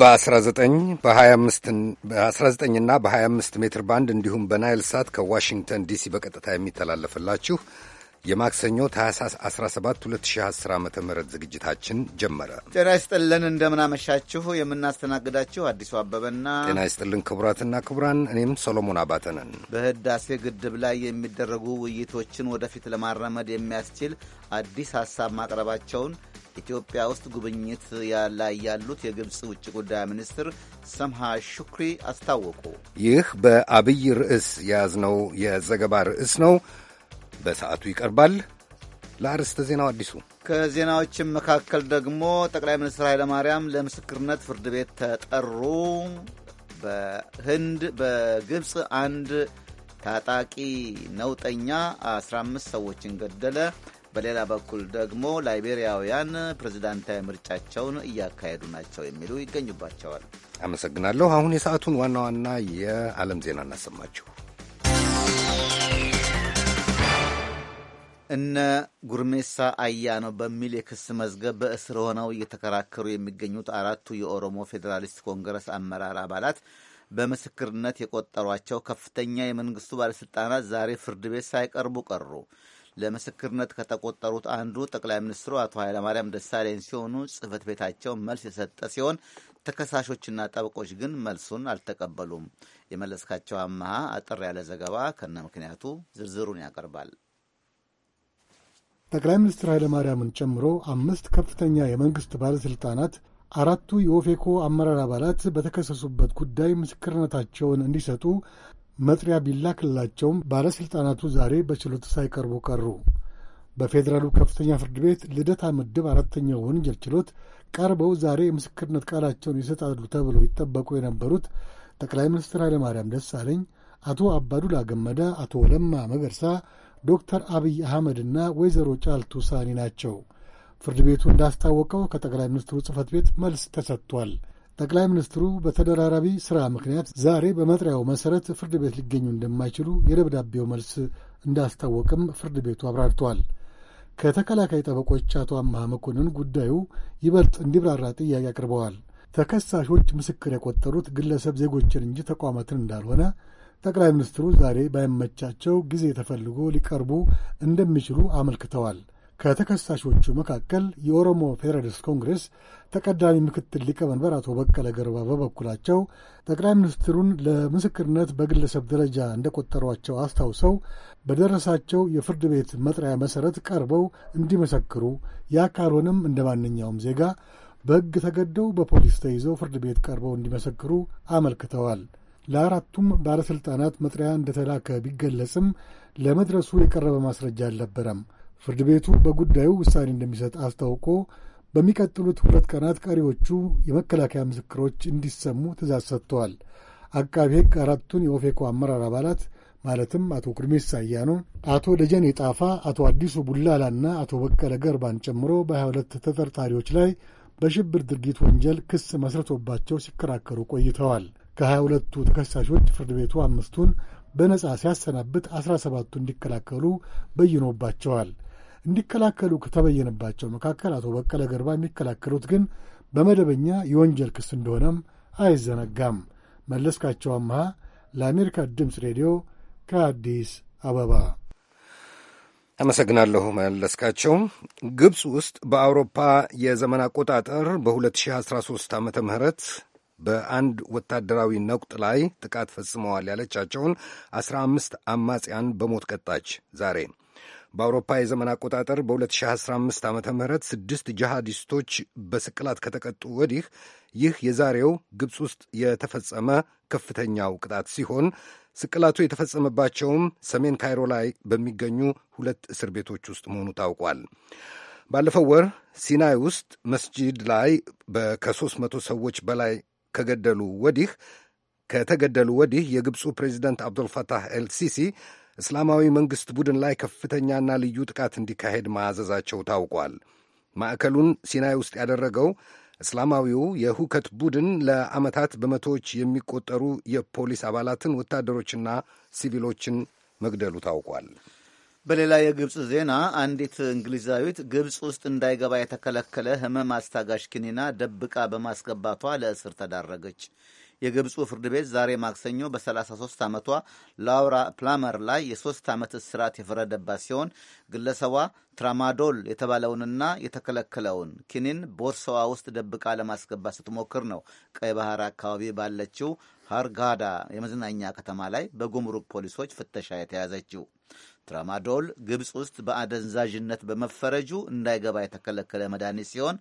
በ19 በ25 እና በ25 ሜትር ባንድ እንዲሁም በናይል ሳት ከዋሽንግተን ዲሲ በቀጥታ የሚተላለፍላችሁ የማክሰኞ ታህሳስ 17 2010 ዓ ም ዝግጅታችን ጀመረ። ጤና ይስጥልን፣ እንደምናመሻችሁ። የምናስተናግዳችሁ አዲሱ አበበና ጤና ይስጥልን ክቡራትና ክቡራን፣ እኔም ሰሎሞን አባተ ነን። በህዳሴ ግድብ ላይ የሚደረጉ ውይይቶችን ወደፊት ለማራመድ የሚያስችል አዲስ ሀሳብ ማቅረባቸውን ኢትዮጵያ ውስጥ ጉብኝት ላይ ያሉት የግብፅ ውጭ ጉዳይ ሚኒስትር ሰምሃ ሹክሪ አስታወቁ። ይህ በአብይ ርዕስ የያዝነው የዘገባ ርዕስ ነው። በሰዓቱ ይቀርባል። ለአርዕስተ ዜናው አዲሱ ከዜናዎችም መካከል ደግሞ ጠቅላይ ሚኒስትር ኃይለማርያም ለምስክርነት ፍርድ ቤት ተጠሩ። በህንድ በግብፅ አንድ ታጣቂ ነውጠኛ 15 ሰዎችን ገደለ። በሌላ በኩል ደግሞ ላይቤሪያውያን ፕሬዝዳንታዊ ምርጫቸውን እያካሄዱ ናቸው የሚሉ ይገኙባቸዋል። አመሰግናለሁ። አሁን የሰዓቱን ዋና ዋና የዓለም ዜና እናሰማችሁ። እነ ጉርሜሳ አያኖ በሚል የክስ መዝገብ በእስር ሆነው እየተከራከሩ የሚገኙት አራቱ የኦሮሞ ፌዴራሊስት ኮንግረስ አመራር አባላት በምስክርነት የቆጠሯቸው ከፍተኛ የመንግስቱ ባለሥልጣናት ዛሬ ፍርድ ቤት ሳይቀርቡ ቀሩ። ለምስክርነት ከተቆጠሩት አንዱ ጠቅላይ ሚኒስትሩ አቶ ኃይለማርያም ደሳለኝ ሲሆኑ ጽህፈት ቤታቸው መልስ የሰጠ ሲሆን ተከሳሾችና ጠበቆች ግን መልሱን አልተቀበሉም። የመለስካቸው አመሃ አጠር ያለ ዘገባ ከነ ምክንያቱ ዝርዝሩን ያቀርባል። ጠቅላይ ሚኒስትር ኃይለማርያምን ጨምሮ አምስት ከፍተኛ የመንግሥት ባለሥልጣናት አራቱ የኦፌኮ አመራር አባላት በተከሰሱበት ጉዳይ ምስክርነታቸውን እንዲሰጡ መጥሪያ ቢላክላቸውም ባለሥልጣናቱ ዛሬ በችሎት ሳይቀርቡ ቀሩ። በፌዴራሉ ከፍተኛ ፍርድ ቤት ልደታ ምድብ አራተኛው ወንጀል ችሎት ቀርበው ዛሬ የምስክርነት ቃላቸውን ይሰጣሉ ተብለው ይጠበቁ የነበሩት ጠቅላይ ሚኒስትር ኃይለማርያም ደሳለኝ፣ አቶ አባዱላ ገመዳ፣ አቶ ለማ መገርሳ፣ ዶክተር አብይ አህመድና ወይዘሮ ጫልቱ ሳኒ ናቸው። ፍርድ ቤቱ እንዳስታወቀው ከጠቅላይ ሚኒስትሩ ጽህፈት ቤት መልስ ተሰጥቷል። ጠቅላይ ሚኒስትሩ በተደራራቢ ሥራ ምክንያት ዛሬ በመጥሪያው መሠረት ፍርድ ቤት ሊገኙ እንደማይችሉ የደብዳቤው መልስ እንዳስታወቅም ፍርድ ቤቱ አብራርተዋል። ከተከላካይ ጠበቆች አቶ አምሃ መኮንን ጉዳዩ ይበልጥ እንዲብራራ ጥያቄ አቅርበዋል። ተከሳሾች ምስክር የቆጠሩት ግለሰብ ዜጎችን እንጂ ተቋማትን እንዳልሆነ ጠቅላይ ሚኒስትሩ ዛሬ ባይመቻቸው ጊዜ ተፈልጎ ሊቀርቡ እንደሚችሉ አመልክተዋል። ከተከሳሾቹ መካከል የኦሮሞ ፌዴራሊስት ኮንግሬስ ተቀዳሚ ምክትል ሊቀመንበር አቶ በቀለ ገርባ በበኩላቸው ጠቅላይ ሚኒስትሩን ለምስክርነት በግለሰብ ደረጃ እንደቆጠሯቸው አስታውሰው በደረሳቸው የፍርድ ቤት መጥሪያ መሠረት ቀርበው እንዲመሰክሩ፣ ያ ካልሆነም እንደ ማንኛውም ዜጋ በሕግ ተገደው በፖሊስ ተይዘው ፍርድ ቤት ቀርበው እንዲመሰክሩ አመልክተዋል። ለአራቱም ባለሥልጣናት መጥሪያ እንደተላከ ቢገለጽም ለመድረሱ የቀረበ ማስረጃ አልነበረም። ፍርድ ቤቱ በጉዳዩ ውሳኔ እንደሚሰጥ አስታውቆ በሚቀጥሉት ሁለት ቀናት ቀሪዎቹ የመከላከያ ምስክሮች እንዲሰሙ ትእዛዝ ሰጥተዋል። አቃቢ ሕግ አራቱን የኦፌኮ አመራር አባላት ማለትም አቶ ኩርሜሳ አያኖ፣ አቶ ደጀኔ ጣፋ፣ አቶ አዲሱ ቡላላና አቶ በቀለ ገርባን ጨምሮ በ22 ተጠርጣሪዎች ላይ በሽብር ድርጊት ወንጀል ክስ መስርቶባቸው ሲከራከሩ ቆይተዋል። ከ22ቱ ተከሳሾች ፍርድ ቤቱ አምስቱን በነጻ ሲያሰናብት 17ቱ እንዲከላከሉ በይኖባቸዋል። እንዲከላከሉ ከተበየነባቸው መካከል አቶ በቀለ ገርባ የሚከላከሉት ግን በመደበኛ የወንጀል ክስ እንደሆነም አይዘነጋም። መለስካቸው አምሃ ለአሜሪካ ድምፅ ሬዲዮ ከአዲስ አበባ አመሰግናለሁ መለስካቸው። ግብፅ ውስጥ በአውሮፓ የዘመን አቆጣጠር በ2013 ዓ ም በአንድ ወታደራዊ ነቁጥ ላይ ጥቃት ፈጽመዋል ያለቻቸውን 15 አማጽያን በሞት ቀጣች ዛሬ በአውሮፓ የዘመን አቆጣጠር በ2015 ዓ ም ስድስት ጂሃዲስቶች በስቅላት ከተቀጡ ወዲህ ይህ የዛሬው ግብፅ ውስጥ የተፈጸመ ከፍተኛው ቅጣት ሲሆን ስቅላቱ የተፈጸመባቸውም ሰሜን ካይሮ ላይ በሚገኙ ሁለት እስር ቤቶች ውስጥ መሆኑ ታውቋል። ባለፈው ወር ሲናይ ውስጥ መስጂድ ላይ ከሦስት መቶ ሰዎች በላይ ከገደሉ ወዲህ ከተገደሉ ወዲህ የግብፁ ፕሬዚደንት አብዶልፈታህ ኤልሲሲ እስላማዊ መንግሥት ቡድን ላይ ከፍተኛና ልዩ ጥቃት እንዲካሄድ ማዘዛቸው ታውቋል። ማዕከሉን ሲናይ ውስጥ ያደረገው እስላማዊው የሁከት ቡድን ለዓመታት በመቶዎች የሚቆጠሩ የፖሊስ አባላትን ወታደሮችና ሲቪሎችን መግደሉ ታውቋል። በሌላ የግብፅ ዜና አንዲት እንግሊዛዊት ግብፅ ውስጥ እንዳይገባ የተከለከለ ሕመም አስታጋሽ ኪኒና ደብቃ በማስገባቷ ለእስር ተዳረገች። የግብፁ ፍርድ ቤት ዛሬ ማክሰኞ በ33 ዓመቷ ላውራ ፕላመር ላይ የሶስት ዓመት እስራት የፈረደባት ሲሆን ግለሰቧ ትራማዶል የተባለውንና የተከለከለውን ኪኒን ቦርሳዋ ውስጥ ደብቃ ለማስገባት ስትሞክር ነው ቀይ ባህር አካባቢ ባለችው ሃርጋዳ የመዝናኛ ከተማ ላይ በጉምሩክ ፖሊሶች ፍተሻ የተያዘችው። ትራማዶል ግብፅ ውስጥ በአደንዛዥነት በመፈረጁ እንዳይገባ የተከለከለ መድኃኒት ሲሆን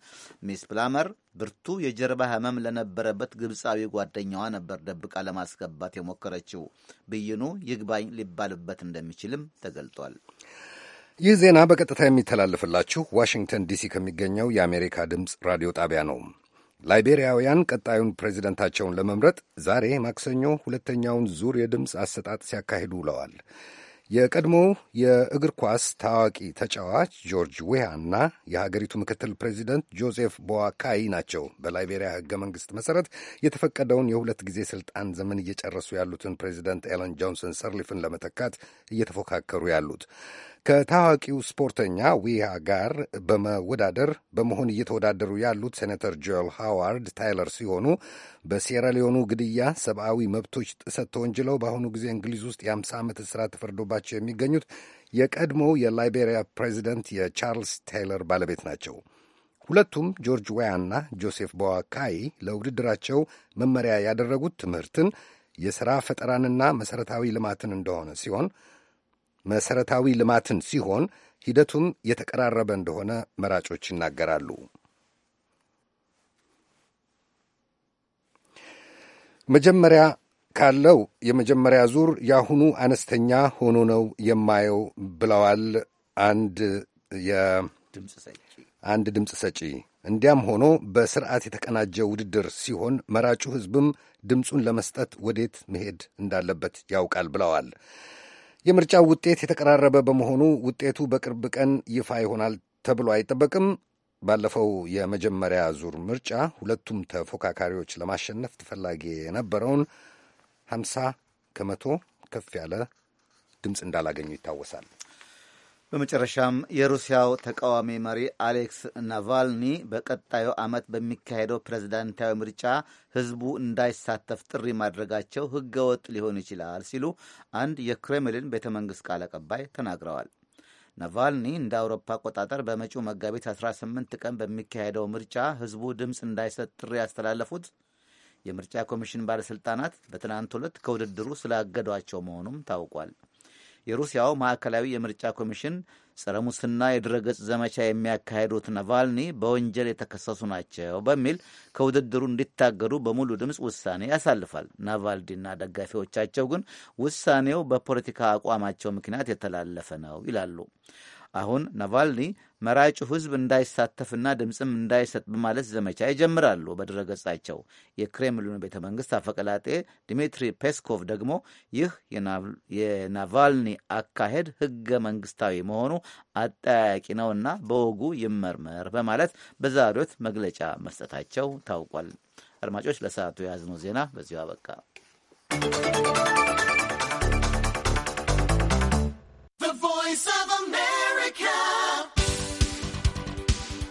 ሚስ ፕላመር ብርቱ የጀርባ ህመም ለነበረበት ግብፃዊ ጓደኛዋ ነበር ደብቃ ለማስገባት የሞከረችው። ብይኑ ይግባኝ ሊባልበት እንደሚችልም ተገልጧል። ይህ ዜና በቀጥታ የሚተላለፍላችሁ ዋሽንግተን ዲሲ ከሚገኘው የአሜሪካ ድምፅ ራዲዮ ጣቢያ ነው። ላይቤሪያውያን ቀጣዩን ፕሬዚደንታቸውን ለመምረጥ ዛሬ ማክሰኞ ሁለተኛውን ዙር የድምፅ አሰጣጥ ሲያካሂዱ ውለዋል። የቀድሞ የእግር ኳስ ታዋቂ ተጫዋች ጆርጅ ዌያ እና የሀገሪቱ ምክትል ፕሬዚደንት ጆሴፍ ቦዋካይ ናቸው በላይቤሪያ ህገ መንግስት መሰረት የተፈቀደውን የሁለት ጊዜ ስልጣን ዘመን እየጨረሱ ያሉትን ፕሬዚደንት ኤለን ጆንሰን ሰርሊፍን ለመተካት እየተፎካከሩ ያሉት ከታዋቂው ስፖርተኛ ዊሃ ጋር በመወዳደር በመሆን እየተወዳደሩ ያሉት ሴኔተር ጆል ሃዋርድ ታይለር ሲሆኑ በሴራሊዮኑ ግድያ፣ ሰብአዊ መብቶች ጥሰት ተወንጅለው በአሁኑ ጊዜ እንግሊዝ ውስጥ የአምሳ ዓመት እስራት ተፈርዶባቸው የሚገኙት የቀድሞው የላይቤሪያ ፕሬዚደንት የቻርልስ ታይለር ባለቤት ናቸው። ሁለቱም ጆርጅ ዋያና ጆሴፍ ቦዋካይ ለውድድራቸው መመሪያ ያደረጉት ትምህርትን፣ የሥራ ፈጠራንና መሠረታዊ ልማትን እንደሆነ ሲሆን መሠረታዊ ልማትን ሲሆን ሂደቱም የተቀራረበ እንደሆነ መራጮች ይናገራሉ። መጀመሪያ ካለው የመጀመሪያ ዙር የአሁኑ አነስተኛ ሆኖ ነው የማየው ብለዋል አንድ አንድ ድምፅ ሰጪ። እንዲያም ሆኖ በስርዓት የተቀናጀ ውድድር ሲሆን መራጩ ሕዝብም ድምፁን ለመስጠት ወዴት መሄድ እንዳለበት ያውቃል ብለዋል። የምርጫው ውጤት የተቀራረበ በመሆኑ ውጤቱ በቅርብ ቀን ይፋ ይሆናል ተብሎ አይጠበቅም። ባለፈው የመጀመሪያ ዙር ምርጫ ሁለቱም ተፎካካሪዎች ለማሸነፍ ተፈላጊ የነበረውን ሃምሳ ከመቶ ከፍ ያለ ድምፅ እንዳላገኙ ይታወሳል። በመጨረሻም የሩሲያው ተቃዋሚ መሪ አሌክስ ናቫልኒ በቀጣዩ ዓመት በሚካሄደው ፕሬዝዳንታዊ ምርጫ ሕዝቡ እንዳይሳተፍ ጥሪ ማድረጋቸው ሕገወጥ ሊሆን ይችላል ሲሉ አንድ የክሬምሊን ቤተ መንግሥት ቃል አቀባይ ተናግረዋል። ናቫልኒ እንደ አውሮፓ አቆጣጠር በመጪው መጋቢት 18 ቀን በሚካሄደው ምርጫ ሕዝቡ ድምፅ እንዳይሰጥ ጥሪ ያስተላለፉት የምርጫ ኮሚሽን ባለሥልጣናት በትናንት ዕለት ከውድድሩ ስላገዷቸው መሆኑም ታውቋል። የሩሲያው ማዕከላዊ የምርጫ ኮሚሽን ጸረ ሙስና የድረገጽ ዘመቻ የሚያካሄዱት ናቫልኒ በወንጀል የተከሰሱ ናቸው በሚል ከውድድሩ እንዲታገዱ በሙሉ ድምፅ ውሳኔ ያሳልፋል። ናቫልኒና ደጋፊዎቻቸው ግን ውሳኔው በፖለቲካ አቋማቸው ምክንያት የተላለፈ ነው ይላሉ። አሁን ናቫልኒ መራጩ ሕዝብ እንዳይሳተፍና ድምፅም እንዳይሰጥ በማለት ዘመቻ ይጀምራሉ። በድረገጻቸው የክሬምሊኑ ቤተ መንግስት አፈቀላጤ ዲሚትሪ ፔስኮቭ ደግሞ ይህ የናቫልኒ አካሄድ ህገ መንግስታዊ መሆኑ አጠያቂ ነውና በወጉ ይመርመር በማለት በዛሬው መግለጫ መስጠታቸው ታውቋል። አድማጮች፣ ለሰዓቱ የያዝነው ዜና በዚሁ አበቃ።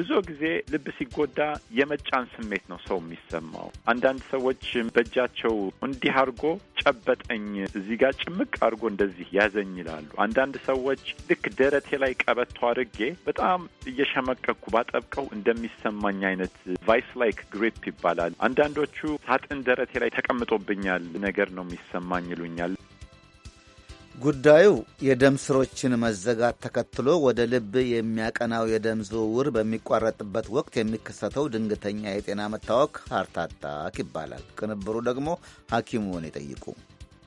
ብዙ ጊዜ ልብ ሲጎዳ የመጫን ስሜት ነው ሰው የሚሰማው። አንዳንድ ሰዎች በእጃቸው እንዲህ አርጎ ጨበጠኝ፣ እዚህ ጋር ጭምቅ አርጎ እንደዚህ ያዘኝ ይላሉ። አንዳንድ ሰዎች ልክ ደረቴ ላይ ቀበቶ አድርጌ በጣም እየሸመቀኩ ባጠብቀው እንደሚሰማኝ አይነት ቫይስ ላይክ ግሪፕ ይባላል። አንዳንዶቹ ሳጥን ደረቴ ላይ ተቀምጦብኛል ነገር ነው የሚሰማኝ ይሉኛል። ጉዳዩ የደም ስሮችን መዘጋት ተከትሎ ወደ ልብ የሚያቀናው የደም ዝውውር በሚቋረጥበት ወቅት የሚከሰተው ድንገተኛ የጤና መታወክ ሃርት ይባላል። ቅንብሩ ደግሞ ሐኪሙን ይጠይቁ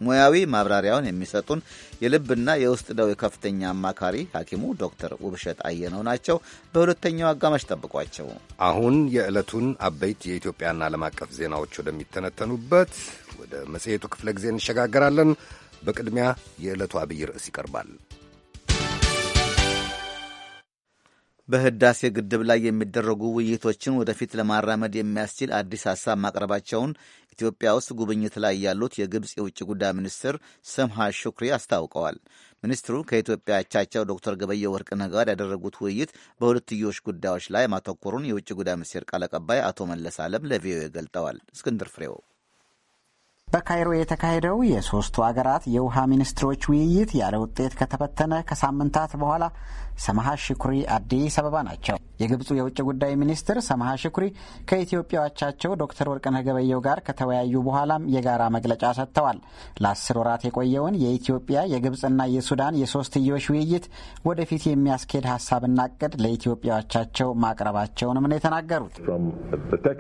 ሙያዊ ማብራሪያውን የሚሰጡን የልብና የውስጥ ደዌ ከፍተኛ አማካሪ ሐኪሙ ዶክተር ውብሸት አየነው ናቸው። በሁለተኛው አጋማሽ ጠብቋቸው። አሁን የዕለቱን አበይት የኢትዮጵያና ዓለም አቀፍ ዜናዎች ወደሚተነተኑበት ወደ መጽሔቱ ክፍለ ጊዜ እንሸጋገራለን። በቅድሚያ የዕለቱ አብይ ርዕስ ይቀርባል። በህዳሴ ግድብ ላይ የሚደረጉ ውይይቶችን ወደፊት ለማራመድ የሚያስችል አዲስ ሐሳብ ማቅረባቸውን ኢትዮጵያ ውስጥ ጉብኝት ላይ ያሉት የግብፅ የውጭ ጉዳይ ሚኒስትር ሰምሃ ሹክሪ አስታውቀዋል። ሚኒስትሩ ከኢትዮጵያ አቻቸው ዶክተር ገበየ ወርቅ ነጋድ ያደረጉት ውይይት በሁለትዮሽ ጉዳዮች ላይ ማተኮሩን የውጭ ጉዳይ ሚኒስቴር ቃል አቀባይ አቶ መለስ አለም ለቪኦኤ ገልጠዋል። እስክንድር ፍሬው በካይሮ የተካሄደው የሶስቱ አገራት የውሃ ሚኒስትሮች ውይይት ያለ ውጤት ከተበተነ ከሳምንታት በኋላ ሰማሃ ሽኩሪ አዲስ አበባ ናቸው። የግብፁ የውጭ ጉዳይ ሚኒስትር ሰማሃ ሽኩሪ ከኢትዮጵያዎቻቸው ዶክተር ወርቅነህ ገበየው ጋር ከተወያዩ በኋላም የጋራ መግለጫ ሰጥተዋል። ለአስር ወራት የቆየውን የኢትዮጵያ የግብፅና የሱዳን የሶስትዮሽ ውይይት ወደፊት የሚያስኬድ ሀሳብና እቅድ ለኢትዮጵያዎቻቸው ማቅረባቸውንም ነው የተናገሩት። uh, uh,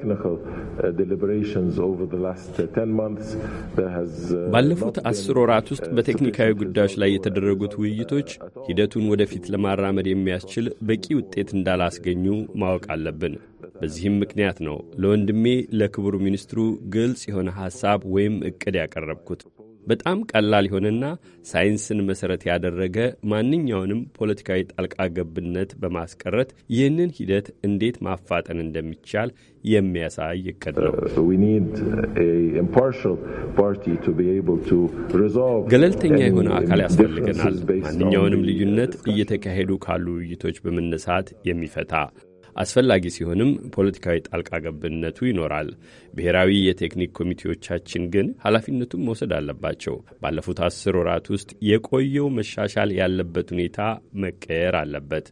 uh, ባለፉት አስር ወራት ውስጥ በቴክኒካዊ ጉዳዮች ላይ የተደረጉት ውይይቶች ሂደቱን ወደፊት ለማራ ለማራመድ የሚያስችል በቂ ውጤት እንዳላስገኙ ማወቅ አለብን። በዚህም ምክንያት ነው ለወንድሜ ለክቡር ሚኒስትሩ ግልጽ የሆነ ሐሳብ ወይም ዕቅድ ያቀረብኩት። በጣም ቀላል የሆነና ሳይንስን መሠረት ያደረገ ማንኛውንም ፖለቲካዊ ጣልቃ ገብነት በማስቀረት ይህንን ሂደት እንዴት ማፋጠን እንደሚቻል የሚያሳይ እቅድ ነው። uh, ገለልተኛ የሆነ አካል ያስፈልገናል። ማንኛውንም uh, ልዩነት እየተካሄዱ ካሉ ውይይቶች በመነሳት የሚፈታ አስፈላጊ ሲሆንም ፖለቲካዊ ጣልቃ ገብነቱ ይኖራል። ብሔራዊ የቴክኒክ ኮሚቴዎቻችን ግን ኃላፊነቱን መውሰድ አለባቸው። ባለፉት አስር ወራት ውስጥ የቆየው መሻሻል ያለበት ሁኔታ መቀየር አለበት።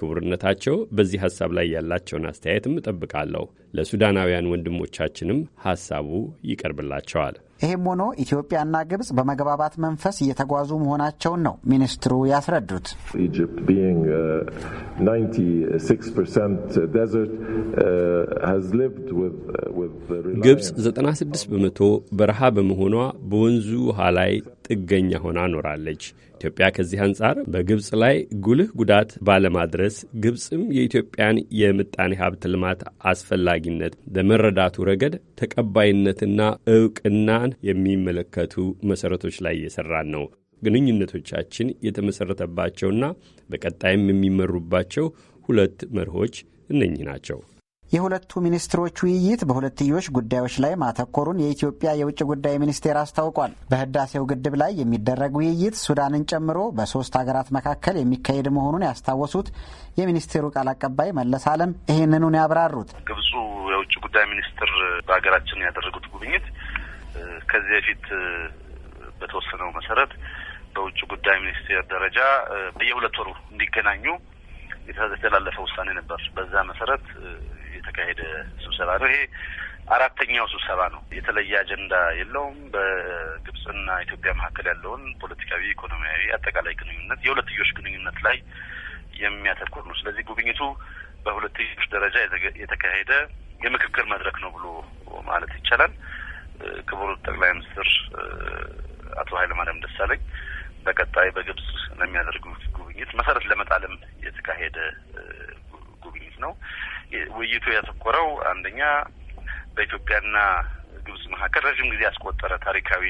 ክቡርነታቸው በዚህ ሐሳብ ላይ ያላቸውን አስተያየትም እጠብቃለሁ። ለሱዳናውያን ወንድሞቻችንም ሐሳቡ ይቀርብላቸዋል። ይህም ሆኖ ኢትዮጵያና ግብጽ በመግባባት መንፈስ እየተጓዙ መሆናቸውን ነው ሚኒስትሩ ያስረዱት። uh, uh, uh, ግብጽ 96 በመቶ በረሃ በመሆኗ በወንዙ ውሃ ላይ ጥገኛ ሆና ኖራለች። ኢትዮጵያ ከዚህ አንጻር በግብጽ ላይ ጉልህ ጉዳት ባለማድረስ ግብፅም የኢትዮጵያን የምጣኔ ሀብት ልማት አስፈላጊነት በመረዳቱ ረገድ ተቀባይነትና እውቅናን የሚመለከቱ መሰረቶች ላይ እየሰራን ነው። ግንኙነቶቻችን የተመሰረተባቸውና በቀጣይም የሚመሩባቸው ሁለት መርሆች እነኚህ ናቸው። የሁለቱ ሚኒስትሮች ውይይት በሁለትዮሽ ጉዳዮች ላይ ማተኮሩን የኢትዮጵያ የውጭ ጉዳይ ሚኒስቴር አስታውቋል። በህዳሴው ግድብ ላይ የሚደረግ ውይይት ሱዳንን ጨምሮ በሶስት ሀገራት መካከል የሚካሄድ መሆኑን ያስታወሱት የሚኒስቴሩ ቃል አቀባይ መለስ አለም ይህንኑን ያብራሩት ግብፁ የውጭ ጉዳይ ሚኒስትር በሀገራችን ያደረጉት ጉብኝት ከዚህ በፊት በተወሰነው መሰረት በውጭ ጉዳይ ሚኒስቴር ደረጃ በየሁለት ወሩ እንዲገናኙ የተላለፈ ውሳኔ ነበር። በዛ መሰረት የተካሄደ ስብሰባ ነው። ይሄ አራተኛው ስብሰባ ነው። የተለየ አጀንዳ የለውም። በግብጽና ኢትዮጵያ መካከል ያለውን ፖለቲካዊ፣ ኢኮኖሚያዊ፣ አጠቃላይ ግንኙነት የሁለትዮሽ ግንኙነት ላይ የሚያተኩር ነው። ስለዚህ ጉብኝቱ በሁለትዮሽ ደረጃ የተካሄደ የምክክር መድረክ ነው ብሎ ማለት ይቻላል። ክቡር ጠቅላይ ሚኒስትር አቶ ኃይለማርያም ደሳለኝ በቀጣይ በግብጽ ለሚያደርጉት ጉብኝት መሰረት ለመጣልም የተካሄደ ጉብኝት ነው። ውይይቱ ያተኮረው አንደኛ በኢትዮጵያና ግብጽ መካከል ረዥም ጊዜ ያስቆጠረ ታሪካዊ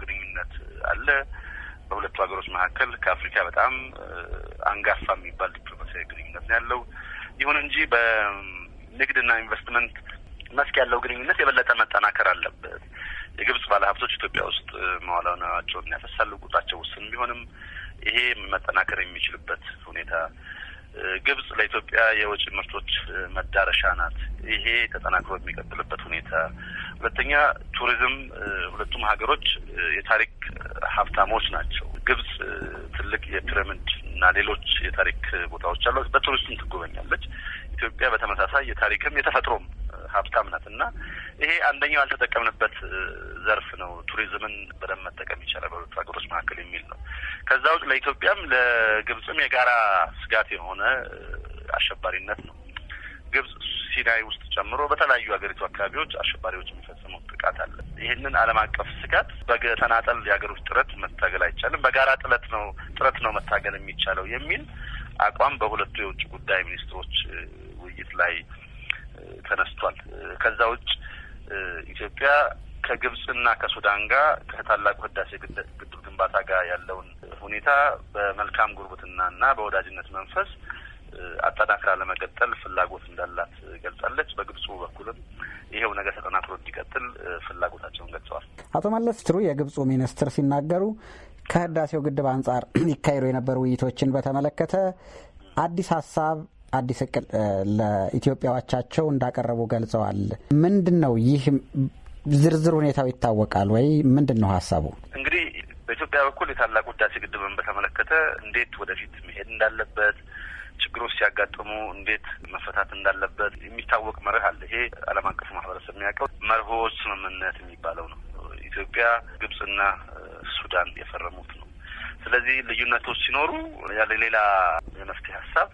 ግንኙነት አለ። በሁለቱ ሀገሮች መካከል ከአፍሪካ በጣም አንጋፋ የሚባል ዲፕሎማሲያዊ ግንኙነት ነው ያለው። ይሁን እንጂ በንግድና ኢንቨስትመንት መስክ ያለው ግንኙነት የበለጠ መጠናከር አለበት። የግብጽ ባለሀብቶች ኢትዮጵያ ውስጥ መዋዕለ ንዋያቸውን ያፈሳሉ። ቁጥራቸው ውስን ቢሆንም ይሄ መጠናከር የሚችልበት ሁኔታ ግብጽ ለኢትዮጵያ የወጪ ምርቶች መዳረሻ ናት። ይሄ ተጠናክሮ የሚቀጥልበት ሁኔታ፣ ሁለተኛ ቱሪዝም፣ ሁለቱም ሀገሮች የታሪክ ሀብታሞች ናቸው። ግብጽ ትልቅ የፒራሚድ እና ሌሎች የታሪክ ቦታዎች አሏት፣ በቱሪስትም ትጎበኛለች። ኢትዮጵያ በተመሳሳይ የታሪክም የተፈጥሮም ሀብታም ናት እና ይሄ አንደኛው ያልተጠቀምንበት ዘርፍ ነው። ቱሪዝምን በደንብ መጠቀም ይቻላል በሁለቱ ሀገሮች መካከል የሚል ነው። ከዛ ውጭ ለኢትዮጵያም ለግብፅም የጋራ ስጋት የሆነ አሸባሪነት ነው። ግብጽ ሲናይ ውስጥ ጨምሮ በተለያዩ ሀገሪቱ አካባቢዎች አሸባሪዎች የሚፈጽሙት ጥቃት አለ። ይህንን ዓለም አቀፍ ስጋት በተናጠል የሀገሮች ጥረት መታገል አይቻልም፣ በጋራ ጥረት ነው ጥረት ነው መታገል የሚቻለው የሚል አቋም በሁለቱ የውጭ ጉዳይ ሚኒስትሮች ውይይት ላይ ተነስቷል። ከዛ ውጭ ኢትዮጵያ ከግብጽና ከሱዳን ጋር ከታላቁ ህዳሴ ግድብ ግንባታ ጋር ያለውን ሁኔታ በመልካም ጉርብትናና በወዳጅነት መንፈስ አጠናክራ ለመቀጠል ፍላጎት እንዳላት ገልጻለች። በግብጹ በኩልም ይኸው ነገር ተጠናክሮ እንዲቀጥል ፍላጎታቸውን ገልጸዋል። አቶ መለስ ትሩ የግብጹ ሚኒስትር ሲናገሩ ከህዳሴው ግድብ አንጻር ይካሄዱ የነበሩ ውይይቶችን በተመለከተ አዲስ ሀሳብ አዲስ እቅድ ለኢትዮጵያዎቻቸው እንዳቀረቡ ገልጸዋል። ምንድን ነው ይህ ዝርዝር ሁኔታው ይታወቃል ወይ? ምንድን ነው ሀሳቡ? እንግዲህ በኢትዮጵያ በኩል የታላቁ ህዳሴ ግድብን በተመለከተ እንዴት ወደፊት መሄድ እንዳለበት ችግሮች ሲያጋጥሙ እንዴት መፈታት እንዳለበት የሚታወቅ መርህ አለ። ይሄ ዓለም አቀፉ ማህበረሰብ የሚያውቀው መርሆች ስምምነት የሚባለው ነው። ኢትዮጵያ፣ ግብጽና ሱዳን የፈረሙት ነው። ስለዚህ ልዩነቶች ሲኖሩ ያለ ሌላ የመፍትሄ ሀሳብ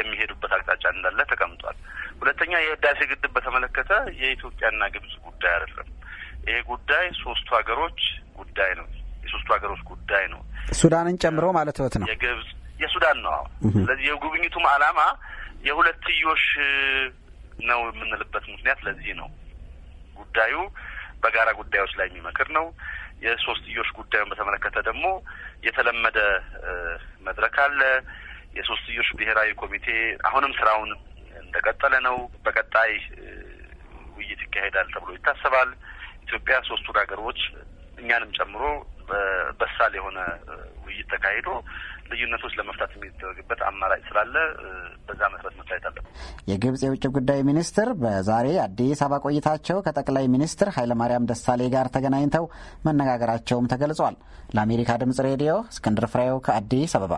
የሚሄዱበት አቅጣጫ እንዳለ ተቀምጧል። ሁለተኛ የህዳሴ ግድብ በተመለከተ የኢትዮጵያና ግብጽ ጉዳይ አይደለም። ይሄ ጉዳይ ሶስቱ ሀገሮች ጉዳይ ነው። የሶስቱ ሀገሮች ጉዳይ ነው፣ ሱዳንን ጨምሮ ማለት ወት ነው። የግብጽ የሱዳን ነው። ስለዚህ የጉብኝቱም ዓላማ የሁለትዮሽ ነው የምንልበት ምክንያት ለዚህ ነው። ጉዳዩ በጋራ ጉዳዮች ላይ የሚመክር ነው። የሶስትዮሽ ጉዳዩን በተመለከተ ደግሞ የተለመደ መድረክ አለ። የሶስትዮሽ ብሔራዊ ኮሚቴ አሁንም ስራውን እንደቀጠለ ነው። በቀጣይ ውይይት ይካሄዳል ተብሎ ይታሰባል። ኢትዮጵያ ሶስቱን ሀገሮች እኛንም ጨምሮ በሳል የሆነ ውይይት ተካሂዶ ልዩነቶች ለመፍታት የሚደረግበት አማራጭ ስላለ በዛ መሰረት መታየት አለበት። የግብጽ የውጭ ጉዳይ ሚኒስትር በዛሬ አዲስ አበባ ቆይታቸው ከጠቅላይ ሚኒስትር ኃይለማርያም ደሳሌ ጋር ተገናኝተው መነጋገራቸውም ተገልጿል። ለአሜሪካ ድምጽ ሬዲዮ እስክንድር ፍሬው ከአዲስ አበባ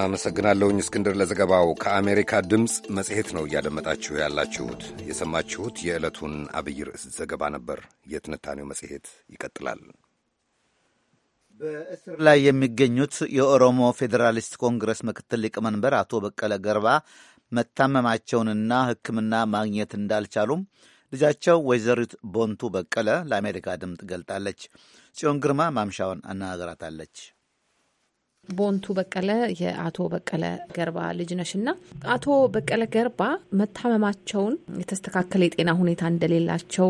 አመሰግናለሁኝ እስክንድር ለዘገባው። ከአሜሪካ ድምፅ መጽሔት ነው እያደመጣችሁ ያላችሁት። የሰማችሁት የዕለቱን አብይ ርዕስ ዘገባ ነበር። የትንታኔው መጽሔት ይቀጥላል። በእስር ላይ የሚገኙት የኦሮሞ ፌዴራሊስት ኮንግረስ ምክትል ሊቀመንበር አቶ በቀለ ገርባ መታመማቸውንና ሕክምና ማግኘት እንዳልቻሉም ልጃቸው ወይዘሪት ቦንቱ በቀለ ለአሜሪካ ድምፅ ገልጣለች። ጽዮን ግርማ ማምሻውን አነጋግራታለች። ቦንቱ በቀለ የአቶ በቀለ ገርባ ልጅ ነሽ እና አቶ በቀለ ገርባ መታመማቸውን የተስተካከለ የጤና ሁኔታ እንደሌላቸው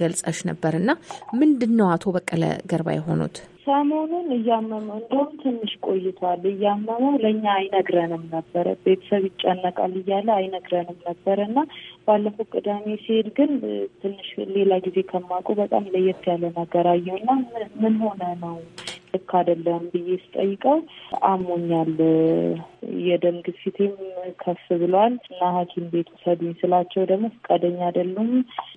ገልጸሽ ነበር እና ምንድን ነው አቶ በቀለ ገርባ የሆኑት? ሰሞኑን እያመመው እንደውም ትንሽ ቆይቷል። እያመመው ለእኛ አይነግረንም ነበረ። ቤተሰብ ይጨነቃል እያለ አይነግረንም ነበረ እና ባለፈው ቅዳሜ ሲሄድ ግን ትንሽ ሌላ ጊዜ ከማውቀው በጣም ለየት ያለ ነገር አየውና ምን ሆነ ነው ልክ አይደለም ብዬ ስጠይቀው አሞኛል፣ የደም ግፊቴም ከፍ ብሏል እና ሐኪም ቤት ውሰዱኝ ስላቸው ደግሞ ፈቃደኛ አይደሉም።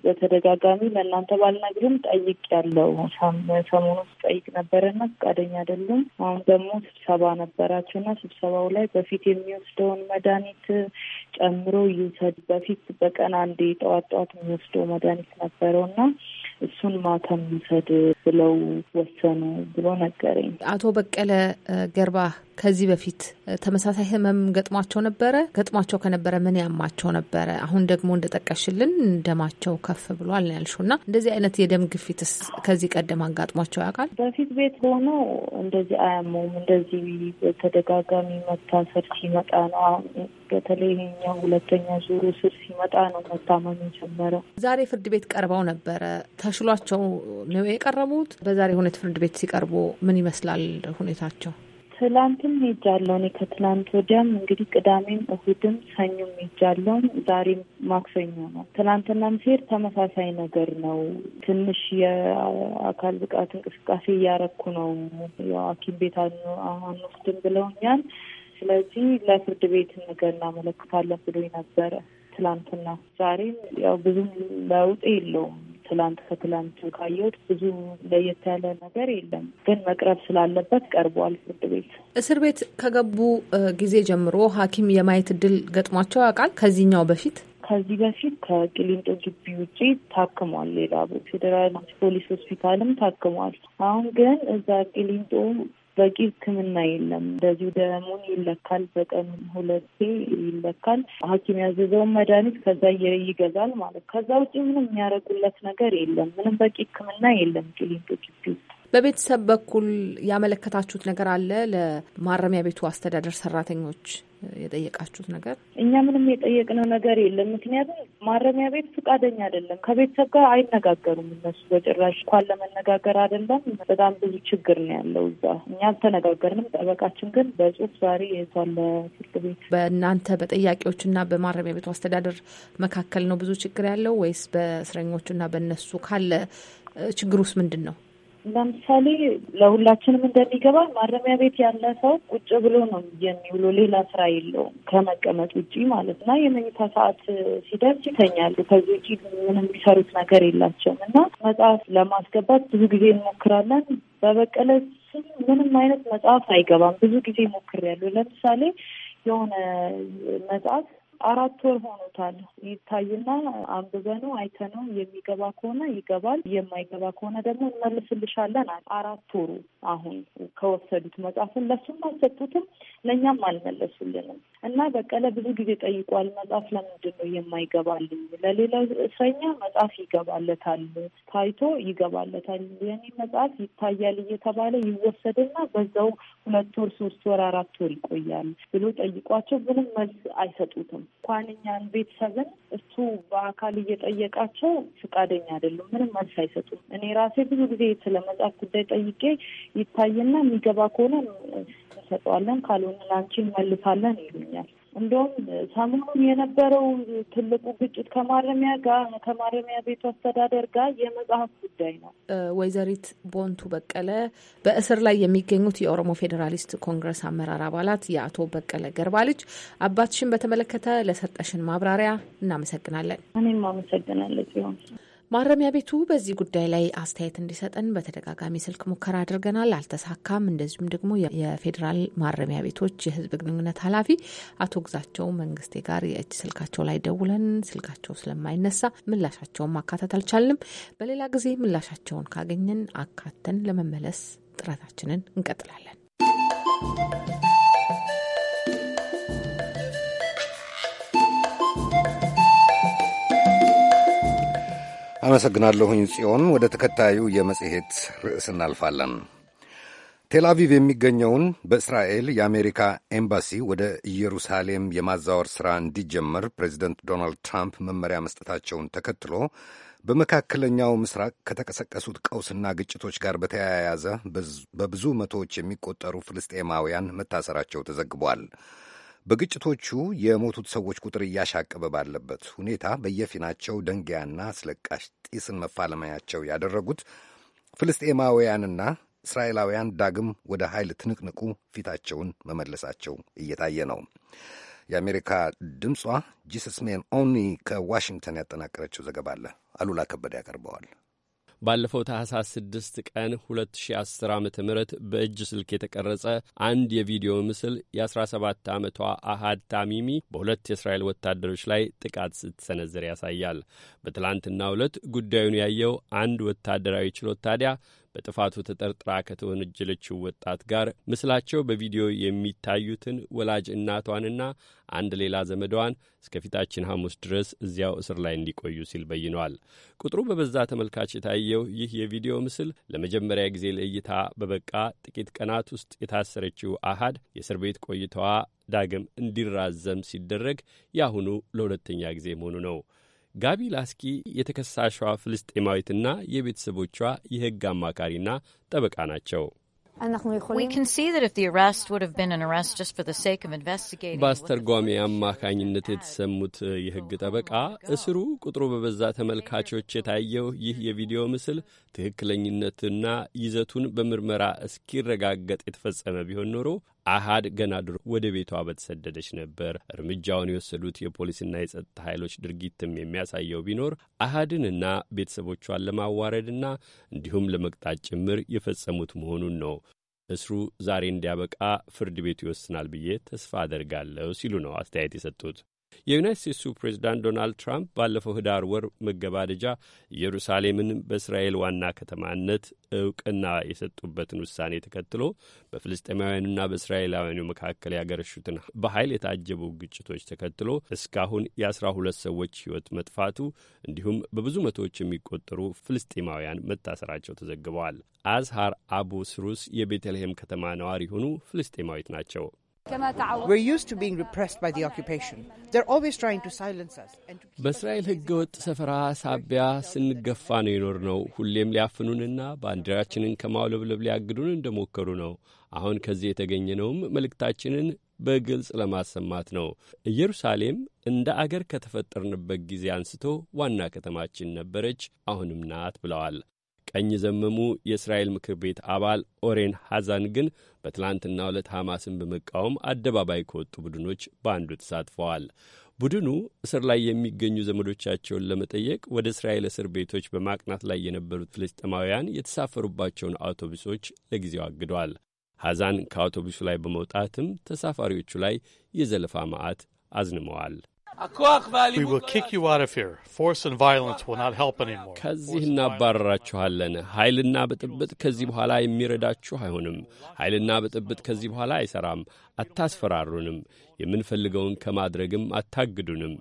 በተደጋጋሚ ለእናንተ ባልነግርም ጠይቅ ያለው ሰሞኑን ስጠይቅ ነበረና ፈቃደኛ አይደሉም። አሁን ደግሞ ስብሰባ ነበራቸው እና ስብሰባው ላይ በፊት የሚወስደውን መድኃኒት ጨምሮ ይውሰድ። በፊት በቀን አንዴ ጠዋት ጠዋት የሚወስደው መድኃኒት ነበረው እና እሱን ማታ መውሰድ ብለው ወሰኑ ብሎ ነገረኝ። አቶ በቀለ ገርባ ከዚህ በፊት ተመሳሳይ ህመም ገጥሟቸው ነበረ? ገጥሟቸው ከነበረ ምን ያማቸው ነበረ? አሁን ደግሞ እንደጠቀሽልን ደማቸው ከፍ ብሏል ያልሹ እንደዚህ አይነት የደም ግፊትስ ከዚህ ቀደም አጋጥሟቸው ያውቃል? በፊት ቤት ሆኖ እንደዚህ አያመውም። እንደዚህ በተደጋጋሚ መታሰር ሲመጣ ነው። አሁን በተለይ ይሄኛው ሁለተኛ ዙሩ ስር ሲመጣ ነው መታመም የጀመረው። ዛሬ ፍርድ ቤት ቀርበው ነበረ። ተሽሏቸው ነው የቀረቡት? በዛሬ ሁኔታ ፍርድ ቤት ሲቀርቡ ምን ይመስላል ሁኔታቸው? ትላንትም ሄጃለሁ። እኔ ከትላንት ወዲያም እንግዲህ ቅዳሜም፣ እሁድም፣ ሰኞም ሄጃለሁ። ዛሬም ማክሰኞ ነው። ትላንትናም ስሄድ ተመሳሳይ ነገር ነው። ትንሽ የአካል ብቃት እንቅስቃሴ እያረኩ ነው። ያው ሐኪም ቤት አንወስድም ብለውኛል። ስለዚህ ለፍርድ ቤት ነገር እናመለክታለን ብሎ ነበረ ትላንትና። ዛሬም ያው ብዙም ለውጥ የለውም ትላንት ከትላንት ካየሁት ብዙ ለየት ያለ ነገር የለም። ግን መቅረብ ስላለበት ቀርቧል ፍርድ ቤት። እስር ቤት ከገቡ ጊዜ ጀምሮ ሐኪም የማየት እድል ገጥሟቸው ያውቃል? ከዚህኛው በፊት ከዚህ በፊት ከቅሊንጦ ግቢ ውጪ ታክሟል። ሌላ ፌዴራል ፖሊስ ሆስፒታልም ታክሟል። አሁን ግን እዛ ቅሊንጦ በቂ ሕክምና የለም። እንደዚሁ ደሙን ይለካል፣ በቀን ሁለቴ ይለካል። ሐኪም ያዘዘውን መድኃኒት ከዛ ይገዛል ማለት ከዛ ውጭ ምንም የሚያደርጉለት ነገር የለም። ምንም በቂ ሕክምና የለም ቂሊንጦ ግቢ ውስጥ። በቤተሰብ በኩል ያመለከታችሁት ነገር አለ? ለማረሚያ ቤቱ አስተዳደር ሰራተኞች የጠየቃችሁት ነገር? እኛ ምንም የጠየቅነው ነገር የለም። ምክንያቱም ማረሚያ ቤት ፍቃደኛ አይደለም። ከቤተሰብ ጋር አይነጋገሩም እነሱ በጭራሽ። እንኳን ለመነጋገር አይደለም በጣም ብዙ ችግር ነው ያለው እዛ። እኛ አልተነጋገርንም። ጠበቃችን ግን በጽሁፍ ዛሬ ይዟል ፍርድ ቤት። በእናንተ በጠያቂዎችና በማረሚያ ቤቱ አስተዳደር መካከል ነው ብዙ ችግር ያለው ወይስ በእስረኞቹና በእነሱ ካለ ችግር ውስጥ ምንድን ነው? ለምሳሌ ለሁላችንም እንደሚገባ ማረሚያ ቤት ያለ ሰው ቁጭ ብሎ ነው የሚውለው። ሌላ ስራ የለውም ከመቀመጥ ውጭ ማለት እና የመኝታ ሰዓት ሲደርስ ይተኛሉ። ከዚህ ውጭ ምን የሚሰሩት ነገር የላቸውም እና መጽሐፍ ለማስገባት ብዙ ጊዜ እንሞክራለን። በበቀለ ስም ምንም አይነት መጽሐፍ አይገባም። ብዙ ጊዜ ሞክሬያለሁ። ለምሳሌ የሆነ መጽሐፍ አራት ወር ሆኖታል። ይታይና አንብበነው አይተነው የሚገባ ከሆነ ይገባል፣ የማይገባ ከሆነ ደግሞ እንመልስልሻለን። አራት ወሩ አሁን ከወሰዱት መጽሐፍን ለሱም አልሰጡትም፣ ለእኛም አልመለሱልንም እና በቀለ ብዙ ጊዜ ጠይቋል። መጽሐፍ ለምንድን ነው የማይገባልኝ? ለሌላው እስረኛ መጽሐፍ ይገባለታል፣ ታይቶ ይገባለታል። የኔ መጽሐፍ ይታያል እየተባለ ይወሰድና በዛው ሁለት ወር ሶስት ወር አራት ወር ይቆያል ብሎ ጠይቋቸው ምንም መልስ አይሰጡትም። እንኳን እኛን ቤተሰብን እሱ በአካል እየጠየቃቸው ፍቃደኛ አይደሉም። ምንም መልስ አይሰጡም። እኔ ራሴ ብዙ ጊዜ ስለ መጽሐፍ ጉዳይ ጠይቄ ይታይና የሚገባ ከሆነ እንሰጠዋለን፣ ካልሆነ ለአንቺ እንመልሳለን ይሉኛል። እንደውም ሰሞኑን የነበረው ትልቁ ግጭት ከማረሚያ ጋር ከማረሚያ ቤቱ አስተዳደር ጋር የመጽሐፍ ጉዳይ ነው። ወይዘሪት ቦንቱ በቀለ በእስር ላይ የሚገኙት የኦሮሞ ፌዴራሊስት ኮንግረስ አመራር አባላት የአቶ በቀለ ገርባ ልጅ አባትሽን በተመለከተ ለሰጠሽን ማብራሪያ እናመሰግናለን። እኔም አመሰግናለሁ። ማረሚያ ቤቱ በዚህ ጉዳይ ላይ አስተያየት እንዲሰጠን በተደጋጋሚ ስልክ ሙከራ አድርገናል፣ አልተሳካም። እንደዚሁም ደግሞ የፌዴራል ማረሚያ ቤቶች የህዝብ ግንኙነት ኃላፊ አቶ ግዛቸው መንግስቴ ጋር የእጅ ስልካቸው ላይ ደውለን ስልካቸው ስለማይነሳ ምላሻቸውን ማካተት አልቻልንም። በሌላ ጊዜ ምላሻቸውን ካገኘን አካተን ለመመለስ ጥረታችንን እንቀጥላለን። አመሰግናለሁኝ ጽዮን። ወደ ተከታዩ የመጽሔት ርዕስ እናልፋለን። ቴል አቪቭ የሚገኘውን በእስራኤል የአሜሪካ ኤምባሲ ወደ ኢየሩሳሌም የማዛወር ሥራ እንዲጀመር ፕሬዚደንት ዶናልድ ትራምፕ መመሪያ መስጠታቸውን ተከትሎ በመካከለኛው ምስራቅ ከተቀሰቀሱት ቀውስና ግጭቶች ጋር በተያያዘ በብዙ መቶዎች የሚቆጠሩ ፍልስጤማውያን መታሰራቸው ተዘግቧል። በግጭቶቹ የሞቱት ሰዎች ቁጥር እያሻቀበ ባለበት ሁኔታ በየፊናቸው ደንጊያና አስለቃሽ ጢስን መፋለማያቸው ያደረጉት ፍልስጤማውያንና እስራኤላውያን ዳግም ወደ ኃይል ትንቅንቁ ፊታቸውን መመለሳቸው እየታየ ነው። የአሜሪካ ድምጿ ጂሰስ ሜን ኦኒ ከዋሽንግተን ያጠናቀረችው ዘገባ አለ። አሉላ ከበደ ያቀርበዋል። ባለፈው ታህሳስ 6 ቀን 2010 ዓ ም በእጅ ስልክ የተቀረጸ አንድ የቪዲዮ ምስል የ17 ዓመቷ አሃድ ታሚሚ በሁለት የእስራኤል ወታደሮች ላይ ጥቃት ስትሰነዝር ያሳያል። በትላንትናው ዕለት ጉዳዩን ያየው አንድ ወታደራዊ ችሎት ታዲያ በጥፋቱ ተጠርጥራ ከተወነጀለችው ወጣት ጋር ምስላቸው በቪዲዮ የሚታዩትን ወላጅ እናቷንና አንድ ሌላ ዘመዷን እስከ ፊታችን ሐሙስ ድረስ እዚያው እስር ላይ እንዲቆዩ ሲል በይኗል። ቁጥሩ በበዛ ተመልካች የታየው ይህ የቪዲዮ ምስል ለመጀመሪያ ጊዜ ለእይታ በበቃ ጥቂት ቀናት ውስጥ የታሰረችው አሃድ የእስር ቤት ቆይታዋ ዳግም እንዲራዘም ሲደረግ የአሁኑ ለሁለተኛ ጊዜ መሆኑ ነው። ጋቢ ላስኪ የተከሳሿ ፍልስጤማዊትና የቤተሰቦቿ የሕግ አማካሪና ጠበቃ ናቸው። በአስተርጓሚ አማካኝነት የተሰሙት የሕግ ጠበቃ እስሩ ቁጥሩ በበዛ ተመልካቾች የታየው ይህ የቪዲዮ ምስል ትክክለኝነትና ይዘቱን በምርመራ እስኪረጋገጥ የተፈጸመ ቢሆን ኖሮ አሃድ ገና ድሮ ወደ ቤቷ በተሰደደች ነበር። እርምጃውን የወሰዱት የፖሊስና የጸጥታ ኃይሎች ድርጊትም የሚያሳየው ቢኖር አሃድንና ቤተሰቦቿን ለማዋረድና እንዲሁም ለመቅጣት ጭምር የፈጸሙት መሆኑን ነው። እስሩ ዛሬ እንዲያበቃ ፍርድ ቤቱ ይወስናል ብዬ ተስፋ አደርጋለሁ ሲሉ ነው አስተያየት የሰጡት። የዩናይት ስቴትሱ ፕሬዚዳንት ዶናልድ ትራምፕ ባለፈው ህዳር ወር መገባደጃ ኢየሩሳሌምን በእስራኤል ዋና ከተማነት እውቅና የሰጡበትን ውሳኔ ተከትሎ በፍልስጤማውያኑና በእስራኤላውያኑ መካከል ያገረሹትን በኃይል የታጀቡ ግጭቶች ተከትሎ እስካሁን የአስራ ሁለት ሰዎች ህይወት መጥፋቱ እንዲሁም በብዙ መቶዎች የሚቆጠሩ ፍልስጤማውያን መታሰራቸው ተዘግበዋል። አዝሃር አቡ ስሩስ የቤተልሔም ከተማ ነዋሪ የሆኑ ፍልስጤማዊት ናቸው። በእስራኤል ሕገ ወጥ ሰፈራ ሳቢያ ስንገፋ ነው ይኖር ነው። ሁሌም ሊያፍኑንና ባንዲራችንን ከማውለብለብ ሊያግዱን እንደሞከሩ ነው። አሁን ከዚህ የተገኘነውም መልእክታችንን በግልጽ ለማሰማት ነው። ኢየሩሳሌም እንደ አገር ከተፈጠርንበት ጊዜ አንስቶ ዋና ከተማችን ነበረች፣ አሁንም ናት ብለዋል። ቀኝ ዘመሙ የእስራኤል ምክር ቤት አባል ኦሬን ሐዛን ግን በትላንትና ዕለት ሐማስን በመቃወም አደባባይ ከወጡ ቡድኖች በአንዱ ተሳትፈዋል። ቡድኑ እስር ላይ የሚገኙ ዘመዶቻቸውን ለመጠየቅ ወደ እስራኤል እስር ቤቶች በማቅናት ላይ የነበሩት ፍልስጥማውያን የተሳፈሩባቸውን አውቶቡሶች ለጊዜው አግደዋል። ሐዛን ከአውቶቡሱ ላይ በመውጣትም ተሳፋሪዎቹ ላይ የዘለፋ መዓት አዝንመዋል። ከዚህ እናባረራችኋለን። ኃይልና ብጥብጥ ከዚህ በኋላ የሚረዳችሁ አይሆንም። ኃይልና ብጥብጥ ከዚህ በኋላ አይሠራም። አታስፈራሩንም። የምንፈልገውን ከማድረግም አታግዱንም።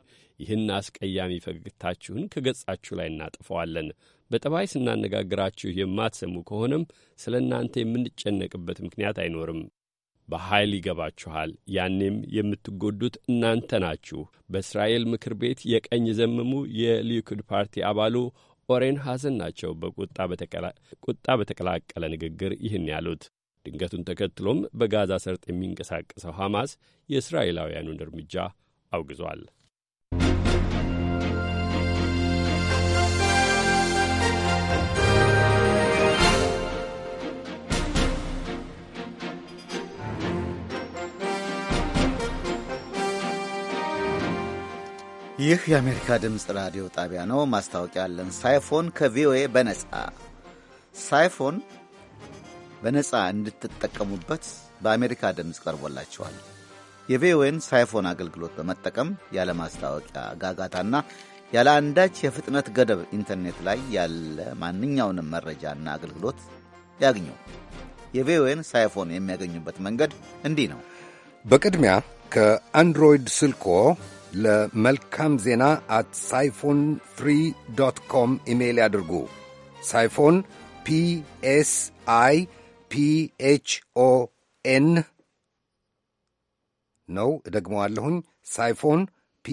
ይህን አስቀያሚ ፈገግታችሁን ከገጻችሁ ላይ እናጥፈዋለን። በጠባይ ስናነጋግራችሁ የማትሰሙ ከሆነም ስለ እናንተ የምንጨነቅበት ምክንያት አይኖርም። በኃይል ይገባችኋል። ያኔም የምትጎዱት እናንተ ናችሁ። በእስራኤል ምክር ቤት የቀኝ ዘመሙ የሊኩድ ፓርቲ አባሉ ኦሬን ሐዘን ናቸው በቁጣ በተቀላቀለ ንግግር ይህን ያሉት። ድንገቱን ተከትሎም በጋዛ ሰርጥ የሚንቀሳቀሰው ሐማስ የእስራኤላውያኑን እርምጃ አውግዟል። ይህ የአሜሪካ ድምፅ ራዲዮ ጣቢያ ነው። ማስታወቂያ አለን። ሳይፎን ከቪኦኤ በነጻ ሳይፎን በነጻ እንድትጠቀሙበት በአሜሪካ ድምፅ ቀርቦላቸዋል። የቪኦኤን ሳይፎን አገልግሎት በመጠቀም ያለ ማስታወቂያ ጋጋታና ያለ አንዳች የፍጥነት ገደብ ኢንተርኔት ላይ ያለ ማንኛውንም መረጃና አገልግሎት ያግኙ። የቪኦኤን ሳይፎን የሚያገኙበት መንገድ እንዲህ ነው። በቅድሚያ ከአንድሮይድ ስልኮ ለመልካም ዜና አት ሳይፎን ፍሪ ዶት ኮም ኢሜይል ያድርጉ። ሳይፎን ፒ ኤስ አይ ፒ ኦ ኤን ነው። እደግመዋለሁኝ። ሳይፎን ፒ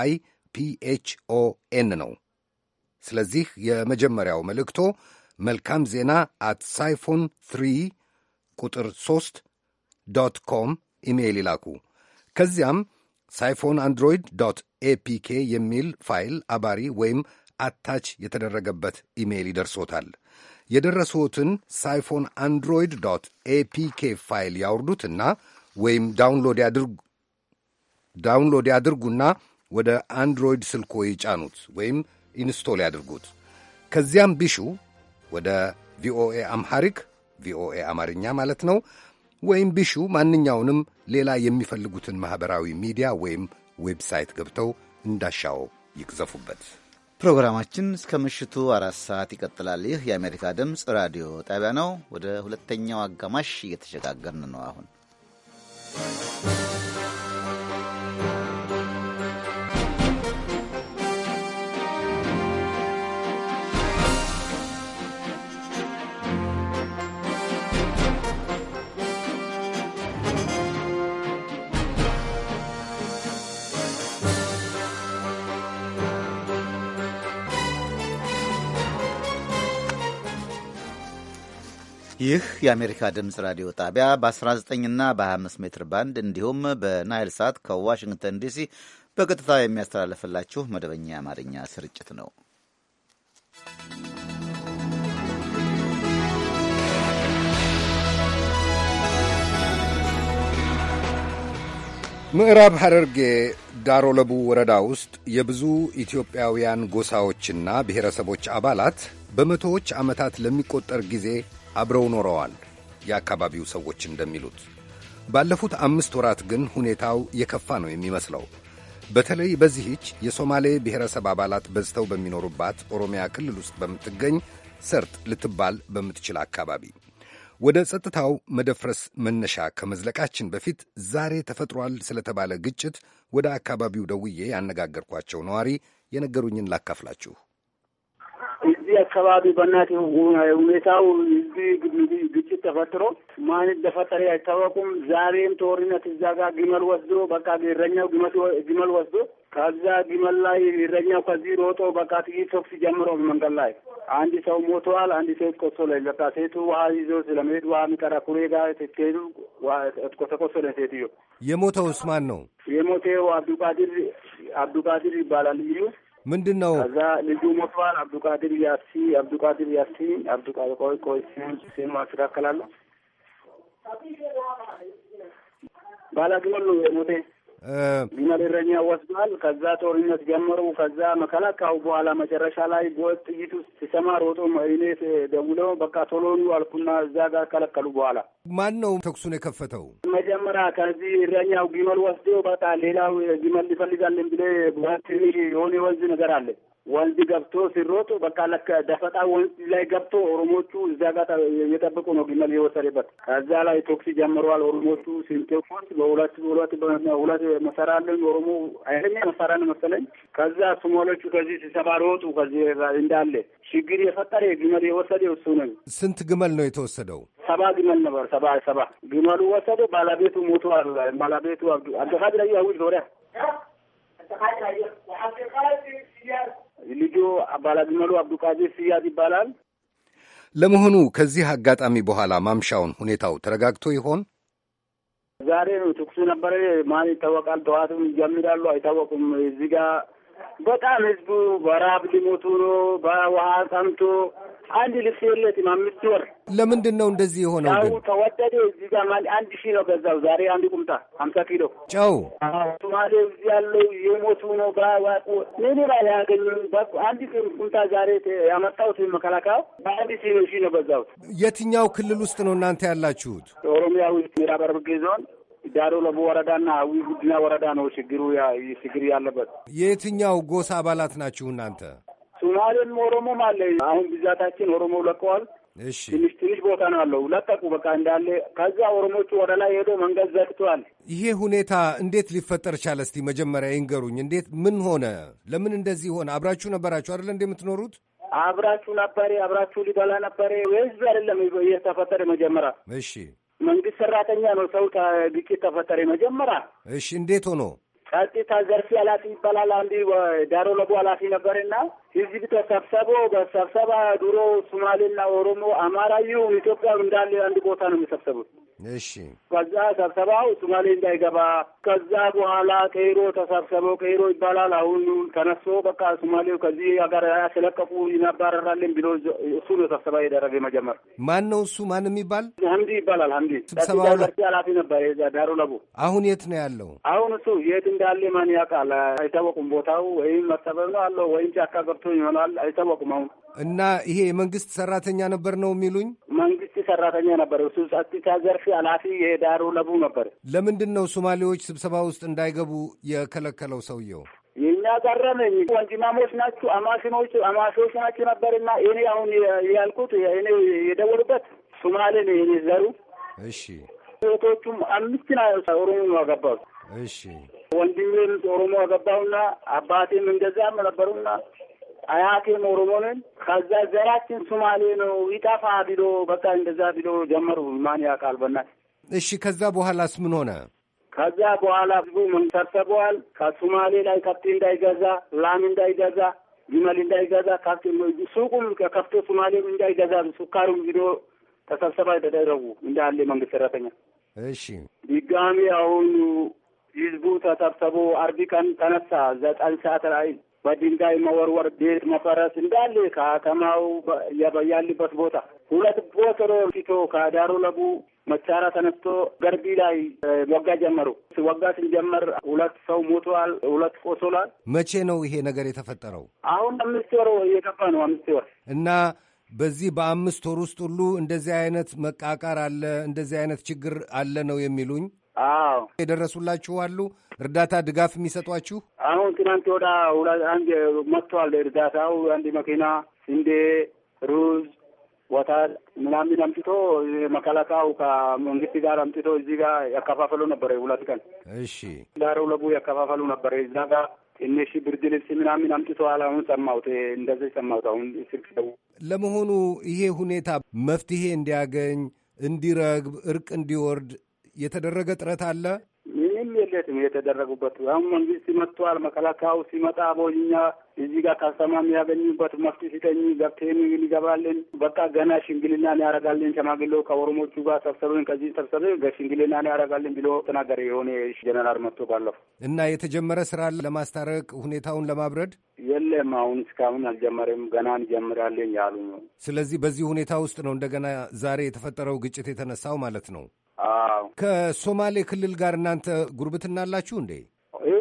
አይ ፒ ኦ ኤን ነው። ስለዚህ የመጀመሪያው መልእክቶ መልካም ዜና አት ሳይፎን ትሪ ቁጥር 3 ዶት ኮም ኢሜይል ይላኩ። ከዚያም ሳይፎን አንድሮይድ ዶት ኤፒኬ የሚል ፋይል አባሪ ወይም አታች የተደረገበት ኢሜይል ይደርሶታል። የደረሱትን ሳይፎን አንድሮይድ ዶት ኤፒኬ ፋይል ያውርዱትና ወይም ዳውንሎድ ያድርጉና ወደ አንድሮይድ ስልኮ ይጫኑት ወይም ኢንስቶል ያድርጉት። ከዚያም ቢሹ ወደ ቪኦኤ አምሐሪክ ቪኦኤ አማርኛ ማለት ነው ወይም ቢሹ ማንኛውንም ሌላ የሚፈልጉትን ማኅበራዊ ሚዲያ ወይም ዌብሳይት ገብተው እንዳሻው ይቅዘፉበት። ፕሮግራማችን እስከ ምሽቱ አራት ሰዓት ይቀጥላል። ይህ የአሜሪካ ድምፅ ራዲዮ ጣቢያ ነው። ወደ ሁለተኛው አጋማሽ እየተሸጋገርን ነው አሁን ይህ የአሜሪካ ድምፅ ራዲዮ ጣቢያ በ19 እና በ25 ሜትር ባንድ እንዲሁም በናይል ሳት ከዋሽንግተን ዲሲ በቀጥታ የሚያስተላልፍላችሁ መደበኛ የአማርኛ ስርጭት ነው። ምዕራብ ሐረርጌ ዳሮ ለቡ ወረዳ ውስጥ የብዙ ኢትዮጵያውያን ጎሳዎችና ብሔረሰቦች አባላት በመቶዎች ዓመታት ለሚቆጠር ጊዜ አብረው ኖረዋል። የአካባቢው ሰዎች እንደሚሉት ባለፉት አምስት ወራት ግን ሁኔታው የከፋ ነው የሚመስለው። በተለይ በዚህች የሶማሌ ብሔረሰብ አባላት በዝተው በሚኖሩባት ኦሮሚያ ክልል ውስጥ በምትገኝ ሰርጥ ልትባል በምትችል አካባቢ ወደ ጸጥታው መደፍረስ መነሻ ከመዝለቃችን በፊት ዛሬ ተፈጥሯል ስለተባለ ግጭት ወደ አካባቢው ደውዬ ያነጋገርኳቸው ነዋሪ የነገሩኝን ላካፍላችሁ። አካባቢ በእናት ሁኔታው ግጭት ተፈጥሮ ማን እንደፈጠረ አይታወቁም። ዛሬም ጦርነት እዛ ጋር ግመል ወስዶ በቃ እረኛው ግመል ወስዶ ከዛ ግመል ላይ እረኛው ከዚህ ሮጦ በቃ ጥይት ተኩስ ጀምሮ መንገድ ላይ አንድ ሰው ሞተዋል። አንድ ሴት ቆሰለች። በቃ ሴቱ ውሃ ይዞ ስለመሄድ ውሃ የሚቀራ ኩሬ ጋር ስትሄዱ ተቆሰለ ሴትዮ። የሞተው ስማን ነው? የሞተው አብዱቃድር አብዱቃድር ይባላል ልዩ ምንድን ነው ከዛ ልጁ ሞቷል። አብዱቃድር ያሲ አብዱቃድር ያሲ አብዱቃ ቆይ ቆይ ሲም ማስተካከላለሁ ባላግመሉ የሞቴ ቢመል እረኛ ወስዷል። ከዛ ጦርነት ጀመሩ። ከዛ መከላከያው በኋላ መጨረሻ ላይ ጎት ጥይት ውስጥ ሲሰማ ሮጦ እኔ ደውሎ በቃ ቶሎኑ አልኩና እዛ ጋር ከለከሉ። በኋላ ማን ነው ተኩሱን የከፈተው? መጀመሪያ ከዚህ እረኛው ጊመል ወስዶ በቃ ሌላው ጊመል ይፈልጋለን ብለ ጓት የሆነ ወንዝ ነገር አለ ወንዝ ገብቶ ሲሮጡ በቃ ለከ ደፈጣ ወንዝ ላይ ገብቶ ኦሮሞቹ እዛ ጋር እየጠበቁ ነው። ግመል የወሰደበት ከዛ ላይ ቶክሲ ጀምረዋል። ኦሮሞቹ ሲንቴፎን በሁለት ሁለት ሁለት መሰራለን ኦሮሞ አይለኛ መሰራን መሰለኝ። ከዛ ሱማሌዎቹ ከዚህ ሲሰባር ወጡ። ከዚህ እንዳለ ችግር የፈጠረ ግመል የወሰደ እሱ ነው። ስንት ግመል ነው የተወሰደው? ሰባ ግመል ነበር። ሰባ ሰባ ግመሉ ወሰደ። ባለቤቱ ሞቷል። ባለቤቱ አብዱ አብደካድ ላይ አዊል ዞሪያ ልጁ አባላግመሉ አብዱቃዲር ስያድ ይባላል። ለመሆኑ ከዚህ አጋጣሚ በኋላ ማምሻውን ሁኔታው ተረጋግቶ ይሆን? ዛሬ ነው ተኩሱ ነበረ። ማን ይታወቃል? ጠዋትም ይጀምራሉ፣ አይታወቁም። እዚህ ጋር በጣም ህዝቡ በረሀብ ሊሞቱ ነው፣ በውሃ ጠምቶ አንድ ልብስ የለትም። አምስት ወር ለምንድን ነው እንደዚህ የሆነው? ግን ተወደደ። እዚህ ጋር ማለት አንድ ሺህ ነው ገዛው ዛሬ አንድ ቁምጣ ሀምሳ ኪሎ ጨው ሶማሌ እዚህ ያለው የሞቱ ነው ባዋቁ ምን ባል ያገኙ አንድ ቁምጣ ዛሬ ያመጣሁት መከላከያው በአንድ ሺህ ነው ሺ ነው ገዛሁት። የትኛው ክልል ውስጥ ነው እናንተ ያላችሁት? ኦሮሚያ ውስጥ ምዕራብ ሐረርጌ ዞን ዳሮ ለቡ ወረዳና አዊ ጉዲና ወረዳ ነው ችግሩ ችግር ያለበት። የትኛው ጎሳ አባላት ናችሁ እናንተ? ሶማሌም ኦሮሞም አለ። አሁን ብዛታችን ኦሮሞ ለቀዋል። እሺ ትንሽ ትንሽ ቦታ ነው ያለው። ለቀቁ በቃ እንዳለ። ከዛ ኦሮሞቹ ወደ ላይ ሄዶ መንገድ ዘግተዋል። ይሄ ሁኔታ እንዴት ሊፈጠር ቻለ? እስቲ መጀመሪያ ይንገሩኝ። እንዴት ምን ሆነ? ለምን እንደዚህ ሆነ? አብራችሁ ነበራችሁ አደለ እንደ የምትኖሩት? አብራችሁ ነበረ። አብራችሁ ሊበላ ነበረ። ህዝብ አይደለም እየተፈጠረ መጀመሪያ። እሺ መንግስት ሰራተኛ ነው ሰው ግጭት ተፈጠረ መጀመሪያ። እሺ እንዴት ሆኖ ጸጥታ ዘርፊ ኃላፊ ይባላል። አንድ ዳሮ ለቡ ኃላፊ ነበርና ህዝብ ተሰብሰቦ በሰብሰባ ድሮ ሶማሌና ኦሮሞ፣ አማራ ኢትዮጵያ እንዳለ አንድ ቦታ ነው የሚሰብሰቡት። እሺ። ከዛ ሰብሰባው ሱማሌ እንዳይገባ ከዛ በኋላ ቀይሮ ተሰብሰበው ቀይሮ ይባላል። አሁን ተነሶ በቃ ሱማሌው ከዚህ ሀገር ያስለቀቁ ይናባረራለን ብሎ እሱ ነው ሰብሰባ የደረገ መጀመር። ማን ነው እሱ? ማንም ይባል ሀምዲ ይባላል። ሀምዲ ስብሰባ ኃላፊ ነበር ዳሩ ለቡ። አሁን የት ነው ያለው? አሁን እሱ የት እንዳለ ማን ያውቃል? አይታወቁም። ቦታው ወይም መሰበብ ነው አለው ወይም ጫካ ገብቶ ይሆናል። አይታወቁም አሁን እና ይሄ የመንግስት ሰራተኛ ነበር ነው የሚሉኝ? መንግስት ሰራተኛ ነበር። እሱ ጸጥታ ዘርፍ ኃላፊ የዳሩ ለቡ ነበር። ለምንድን ነው ሶማሌዎች ስብሰባ ውስጥ እንዳይገቡ የከለከለው ሰውየው? የእኛ ገረመኝ። ወንድማሞች ናችሁ፣ አማሽኖች አማሾች ናችሁ ነበርና እኔ አሁን ያልኩት እኔ የደወሉበት ሶማሌ ነው የኔ ዘሩ። እሺ ቶቹም አምስት ና ኦሮሞ ነው አገባሁት። እሺ ወንድሜም ኦሮሞ አገባሁና አባቴም እንደዚያም ነበሩና አያቴም ኦሮሞ ነን። ከዛ ዘራችን ሱማሌ ነው ይጠፋ ቢሎ በቃ እንደዛ ቢሎ ጀመሩ። ማን ያውቃል በእናትህ። እሺ ከዛ በኋላስ ምን ሆነ? ከዛ በኋላ ህዝቡ ምን ሰብሰበዋል። ከሶማሌ ላይ ከብት እንዳይገዛ፣ ላም እንዳይገዛ፣ ግመል እንዳይገዛ፣ ከብት ሱቁም ከፍቶ ሶማሌም እንዳይገዛ ሱካሩም ቢሎ ተሰብሰባ ተደረጉ እንዳለ መንግስት ሰራተኛ። እሺ ድጋሚ አሁኑ ህዝቡ ተሰብሰቦ አርቢ ቀን ተነሳ ዘጠኝ ሰዓት ላይ በድንጋይ መወርወር፣ ቤት መፈረስ እንዳለ ከከተማው ያለበት ቦታ ሁለት ቦትሮ ፊቶ ከዳሩ ለቡ መቻራ ተነስቶ ገርቢ ላይ ወጋ ጀመሩ። ወጋ ስንጀመር ሁለት ሰው ሞተዋል፣ ሁለት ቆስሏል። መቼ ነው ይሄ ነገር የተፈጠረው? አሁን አምስት ወር እየገባ ነው። አምስት ወር እና በዚህ በአምስት ወር ውስጥ ሁሉ እንደዚህ አይነት መቃቃር አለ፣ እንደዚህ አይነት ችግር አለ ነው የሚሉኝ አዎ የደረሱላችሁ አሉ? እርዳታ ድጋፍ የሚሰጧችሁ? አሁን ትናንት ወዳ አንድ መጥተዋል። እርዳታው አንድ መኪና ስንዴ፣ ሩዝ፣ ወተት ምናምን አምጥቶ መከላከያው ከመንግስት ጋር አምጥቶ እዚህ ጋር ያከፋፈሉ ነበረ። ሁለት ቀን እሺ፣ ዳረው ለቡ ያከፋፈሉ ነበረ እዛ ጋር ትንሽ ብርድ ልብስ ምናምን አምጥቶ አሁን ሰማሁት፣ እንደዚህ ሰማሁት። አሁን ስልክ ደውል። ለመሆኑ ይሄ ሁኔታ መፍትሄ እንዲያገኝ እንዲረግብ፣ እርቅ እንዲወርድ የተደረገ ጥረት አለ? ምንም የለትም የተደረጉበት። አሁን መንግስት መጥቷል። መከላከያው ሲመጣ በኛ እዚህ ጋር ካስተማ የሚያገኙበት መፍት ሲጠኝ ገብቴን ይገባልን በቃ ገና ሽንግልና ያደርጋለን። ሸማግሎ ከኦሮሞቹ ጋር ሰብሰብን ከዚህ ሰብሰብ ሽንግልና ያደርጋለን ብሎ ተናገረ። የሆነ ጀነራል መጥቶ ባለፉ እና የተጀመረ ስራ ለማስታረቅ ሁኔታውን ለማብረድ የለም። አሁን እስካሁን አልጀመረም። ገና እንጀምራለን ያሉ ነው። ስለዚህ በዚህ ሁኔታ ውስጥ ነው እንደገና ዛሬ የተፈጠረው ግጭት የተነሳው ማለት ነው። ከሶማሌ ክልል ጋር እናንተ ጉርብትና አላችሁ እንዴ?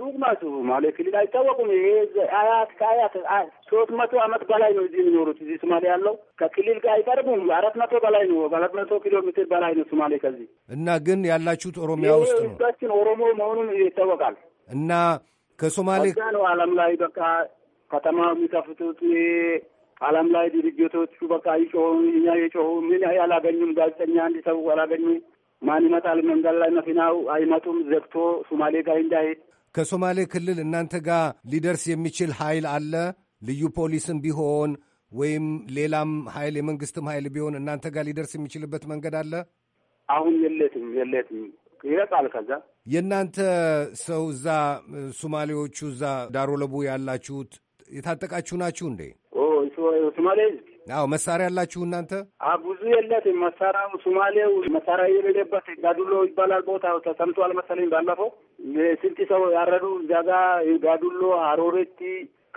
ሩቅ ናችሁ። ሶማሌ ክልል አይታወቁም። ይሄ አያት ከአያት ሶስት መቶ አመት በላይ ነው እዚህ የሚኖሩት። እዚህ ሶማሌ ያለው ከክልል ጋር አይቀርቡም። አራት መቶ በላይ ነው፣ አራት መቶ ኪሎ ሜትር በላይ ነው ሶማሌ ከዚህ እና ግን ያላችሁት ኦሮሚያ ውስጥ ነው። ህዝባችን ኦሮሞ መሆኑን ይታወቃል። እና ከሶማሌ ነው አለም ላይ በቃ ከተማ የሚከፍቱት አለም ላይ ድርጅቶቹ በቃ ይጮሁ እኛ የጮሁ ምን ያላገኙም። ጋዜጠኛ አንድ ሰው አላገኙም። ማን ይመጣል? መንገድ ላይ መኪናው አይመጡም ዘግቶ ሶማሌ ጋር እንዳይሄድ። ከሶማሌ ክልል እናንተ ጋር ሊደርስ የሚችል ኃይል አለ። ልዩ ፖሊስም ቢሆን ወይም ሌላም ኃይል የመንግስትም ኃይል ቢሆን እናንተ ጋር ሊደርስ የሚችልበት መንገድ አለ። አሁን የለትም የለትም ይረጣል። ከዛ የእናንተ ሰው እዛ ሶማሌዎቹ እዛ ዳሮ ለቡ ያላችሁት የታጠቃችሁ ናችሁ እንዴ? ሶማሌ አዎ መሳሪያ አላችሁ እናንተ? ብዙ የለት መሳሪያው ሱማሌው መሳሪያ የሌለበት ጋዱሎ ይባላል ቦታ ተሰምቷል መሰለኝ። ባለፈው ስንት ሰው ያረዱ እዚያ ጋ ጋዱሎ፣ አሮሬቲ፣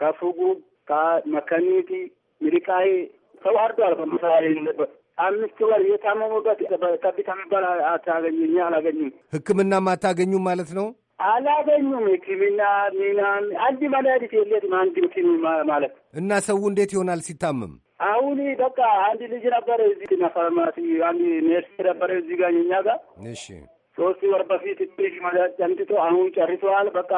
ከፉጉ፣ ከመከኒቲ፣ ሚሪቃይ ሰው አርዷል መሳሪያ የሌለበት አምስት ወር የታመሙበት ከቢታ የሚባል አታገኝኛ አላገኝም። ሕክምናም አታገኙም ማለት ነው? አላገኙም። ህክምና ሚና አንድ መድኃኒት የለትም። አንድ ማለት እና ሰው እንዴት ይሆናል ሲታመም አሁን በቃ አንድ ልጅ ነበረ እዚህ ፋርማሲ አንድ ሜርስ ነበረ እዚህ ጋር እኛ ጋር እሺ ሶስት ወር በፊት ትንሽ ጨምጥቶ አሁን ጨርሰዋል። በቃ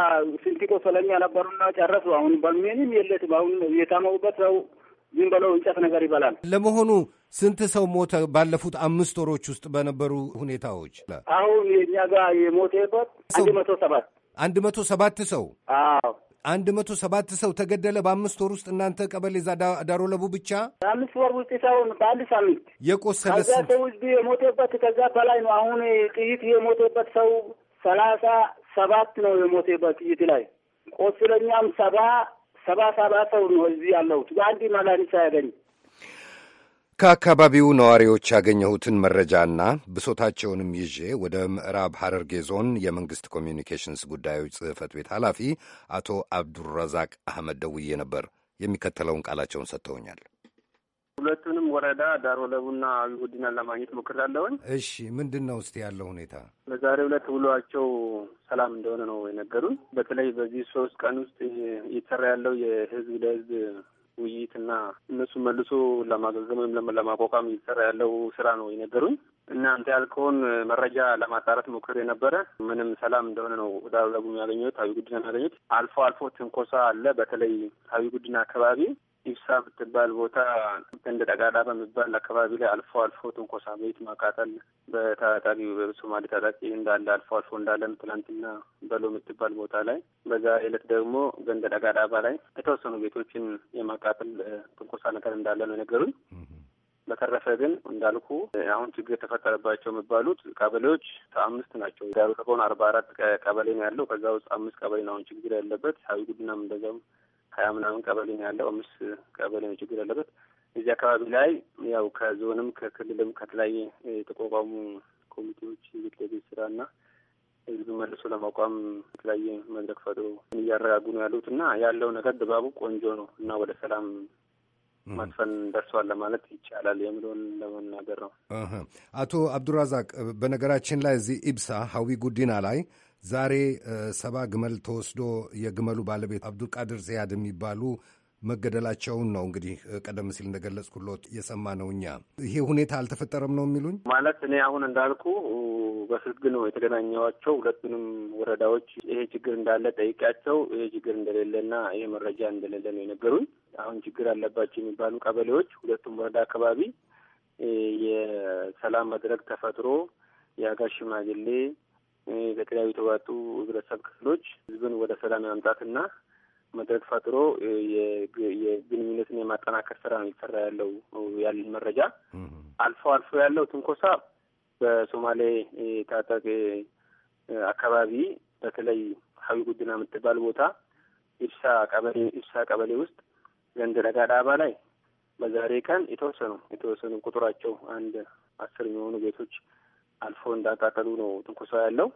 ስንት ቆሰለኛ ነበሩና ጨረሱ። አሁን በምንም የለት አሁን የታመሙበት ሰው ዝም ብለው እንጨት ነገር ይበላል። ለመሆኑ ስንት ሰው ሞተ? ባለፉት አምስት ወሮች ውስጥ በነበሩ ሁኔታዎች አሁን የእኛ ጋር የሞተበት አንድ መቶ ሰባት አንድ መቶ ሰባት ሰው አንድ መቶ ሰባት ሰው ተገደለ በአምስት ወር ውስጥ እናንተ ቀበሌ ዛ ዳሮ ለቡ ብቻ በአምስት ወር ውስጥ ሰው በአንድ ሳምንት የቆሰለ ሰው ህዝብ የሞተበት ከዛ በላይ ነው። አሁን ጥይት የሞተበት ሰው ሰላሳ ሰባት ነው የሞተበት ጥይት ላይ ቆስለኛም ሰባ ሰባ ሰባ ሰው ነው እዚህ ያለሁት በአንድ መድኃኒት ሳያገኝ ከአካባቢው ነዋሪዎች ያገኘሁትን መረጃና ብሶታቸውንም ይዤ ወደ ምዕራብ ሐረርጌ ዞን የመንግሥት ኮሚኒኬሽንስ ጉዳዮች ጽሕፈት ቤት ኃላፊ አቶ አብዱረዛቅ አህመድ ደውዬ ነበር። የሚከተለውን ቃላቸውን ሰጥተውኛል። ሁለቱንም ወረዳ ዳር ወለቡና ይሁዲናን ለማግኘት ሞክሬያለሁኝ። እሺ፣ ምንድን ነው እስቲ ያለው ሁኔታ? በዛሬው ዕለት ውሏቸው ሰላም እንደሆነ ነው የነገሩን። በተለይ በዚህ ሶስት ቀን ውስጥ እየተሰራ ያለው የህዝብ ለህዝብ ውይይትና እነሱ መልሶ ለማገገም ወይም ለማቋቋም ይሰራ ያለው ስራ ነው የነገሩኝ። እናንተ ያልከውን መረጃ ለማጣራት ሞክር የነበረ ምንም ሰላም እንደሆነ ነው ዳረጉ ያገኘት ሀዊ ጉድና ያገኘት አልፎ አልፎ ትንኮሳ አለ። በተለይ ሀዊ ጉድና አካባቢ ኢብሳ ብትባል ቦታ እንደ ጠቃላ በሚባል አካባቢ ላይ አልፎ አልፎ ትንኮሳ፣ ቤት ማቃጠል በታጣቂ በሶማሌ ታጣቂ እንዳለ አልፎ አልፎ እንዳለም ትናንትና በሎ የምትባል ቦታ ላይ በዛ ዕለት ደግሞ ገንደ ጠቃዳባ ላይ የተወሰኑ ቤቶችን የማቃጠል ትንኮሳ ነገር እንዳለ ነው የነገሩኝ። በተረፈ ግን እንዳልኩ አሁን ችግር የተፈጠረባቸው የሚባሉት ቀበሌዎች አምስት ናቸው። ዳሩ ተቆን አርባ አራት ቀበሌ ነው ያለው። ከዛ ውስጥ አምስት ቀበሌ ነው አሁን ችግር ያለበት። ሀዊ ጉድናም እንደዛም ሀያ ምናምን ቀበሌ ነው ያለው። አምስት ቀበሌ ነው ችግር ያለበት እዚህ አካባቢ ላይ ያው ከዞንም ከክልልም ከተለያየ የተቋቋሙ ኮሚቴዎች ቤት ለቤት ስራና ህዝብ መልሶ ለማቋም የተለያየ መድረክ ፈጥሮ እያረጋጉ ነው ያሉት እና ያለው ነገር ድባቡ ቆንጆ ነው እና ወደ ሰላም ማጥፈን ደርሷል ለማለት ይቻላል የሚለውን ለመናገር ነው። አቶ አብዱራዛቅ፣ በነገራችን ላይ እዚህ ኢብሳ ሀዊ ጉዲና ላይ ዛሬ ሰባ ግመል ተወስዶ የግመሉ ባለቤት አብዱልቃድር ዚያድ የሚባሉ መገደላቸውን ነው እንግዲህ ቀደም ሲል እንደገለጽኩሎት የሰማ ነው። እኛ ይሄ ሁኔታ አልተፈጠረም ነው የሚሉኝ። ማለት እኔ አሁን እንዳልኩ በስልክ ነው የተገናኘዋቸው። ሁለቱንም ወረዳዎች ይሄ ችግር እንዳለ ጠይቂያቸው ይሄ ችግር እንደሌለና ይሄ መረጃ እንደሌለ ነው የነገሩኝ። አሁን ችግር አለባቸው የሚባሉ ቀበሌዎች ሁለቱም ወረዳ አካባቢ የሰላም መድረክ ተፈጥሮ የሀገር ሽማግሌ በተለያዩ የተባጡ ህብረተሰብ ክፍሎች ህዝብን ወደ ሰላም ማምጣትና መድረክ ፈጥሮ የግንኙነትን የማጠናከር ስራ ነው እየተሰራ ያለው ያለን መረጃ። አልፎ አልፎ ያለው ትንኮሳ በሶማሌ ታጠቅ አካባቢ በተለይ ሀዊ ጉድና የምትባል ቦታ ኢብሳ ቀበሌ ኢብሳ ቀበሌ ውስጥ ገንደ ጋዳባ ላይ በዛሬ ቀን የተወሰኑ የተወሰኑ ቁጥራቸው አንድ አስር የሚሆኑ ቤቶች አልፎ እንዳቃጠሉ ነው ትንኮሳው ያለው።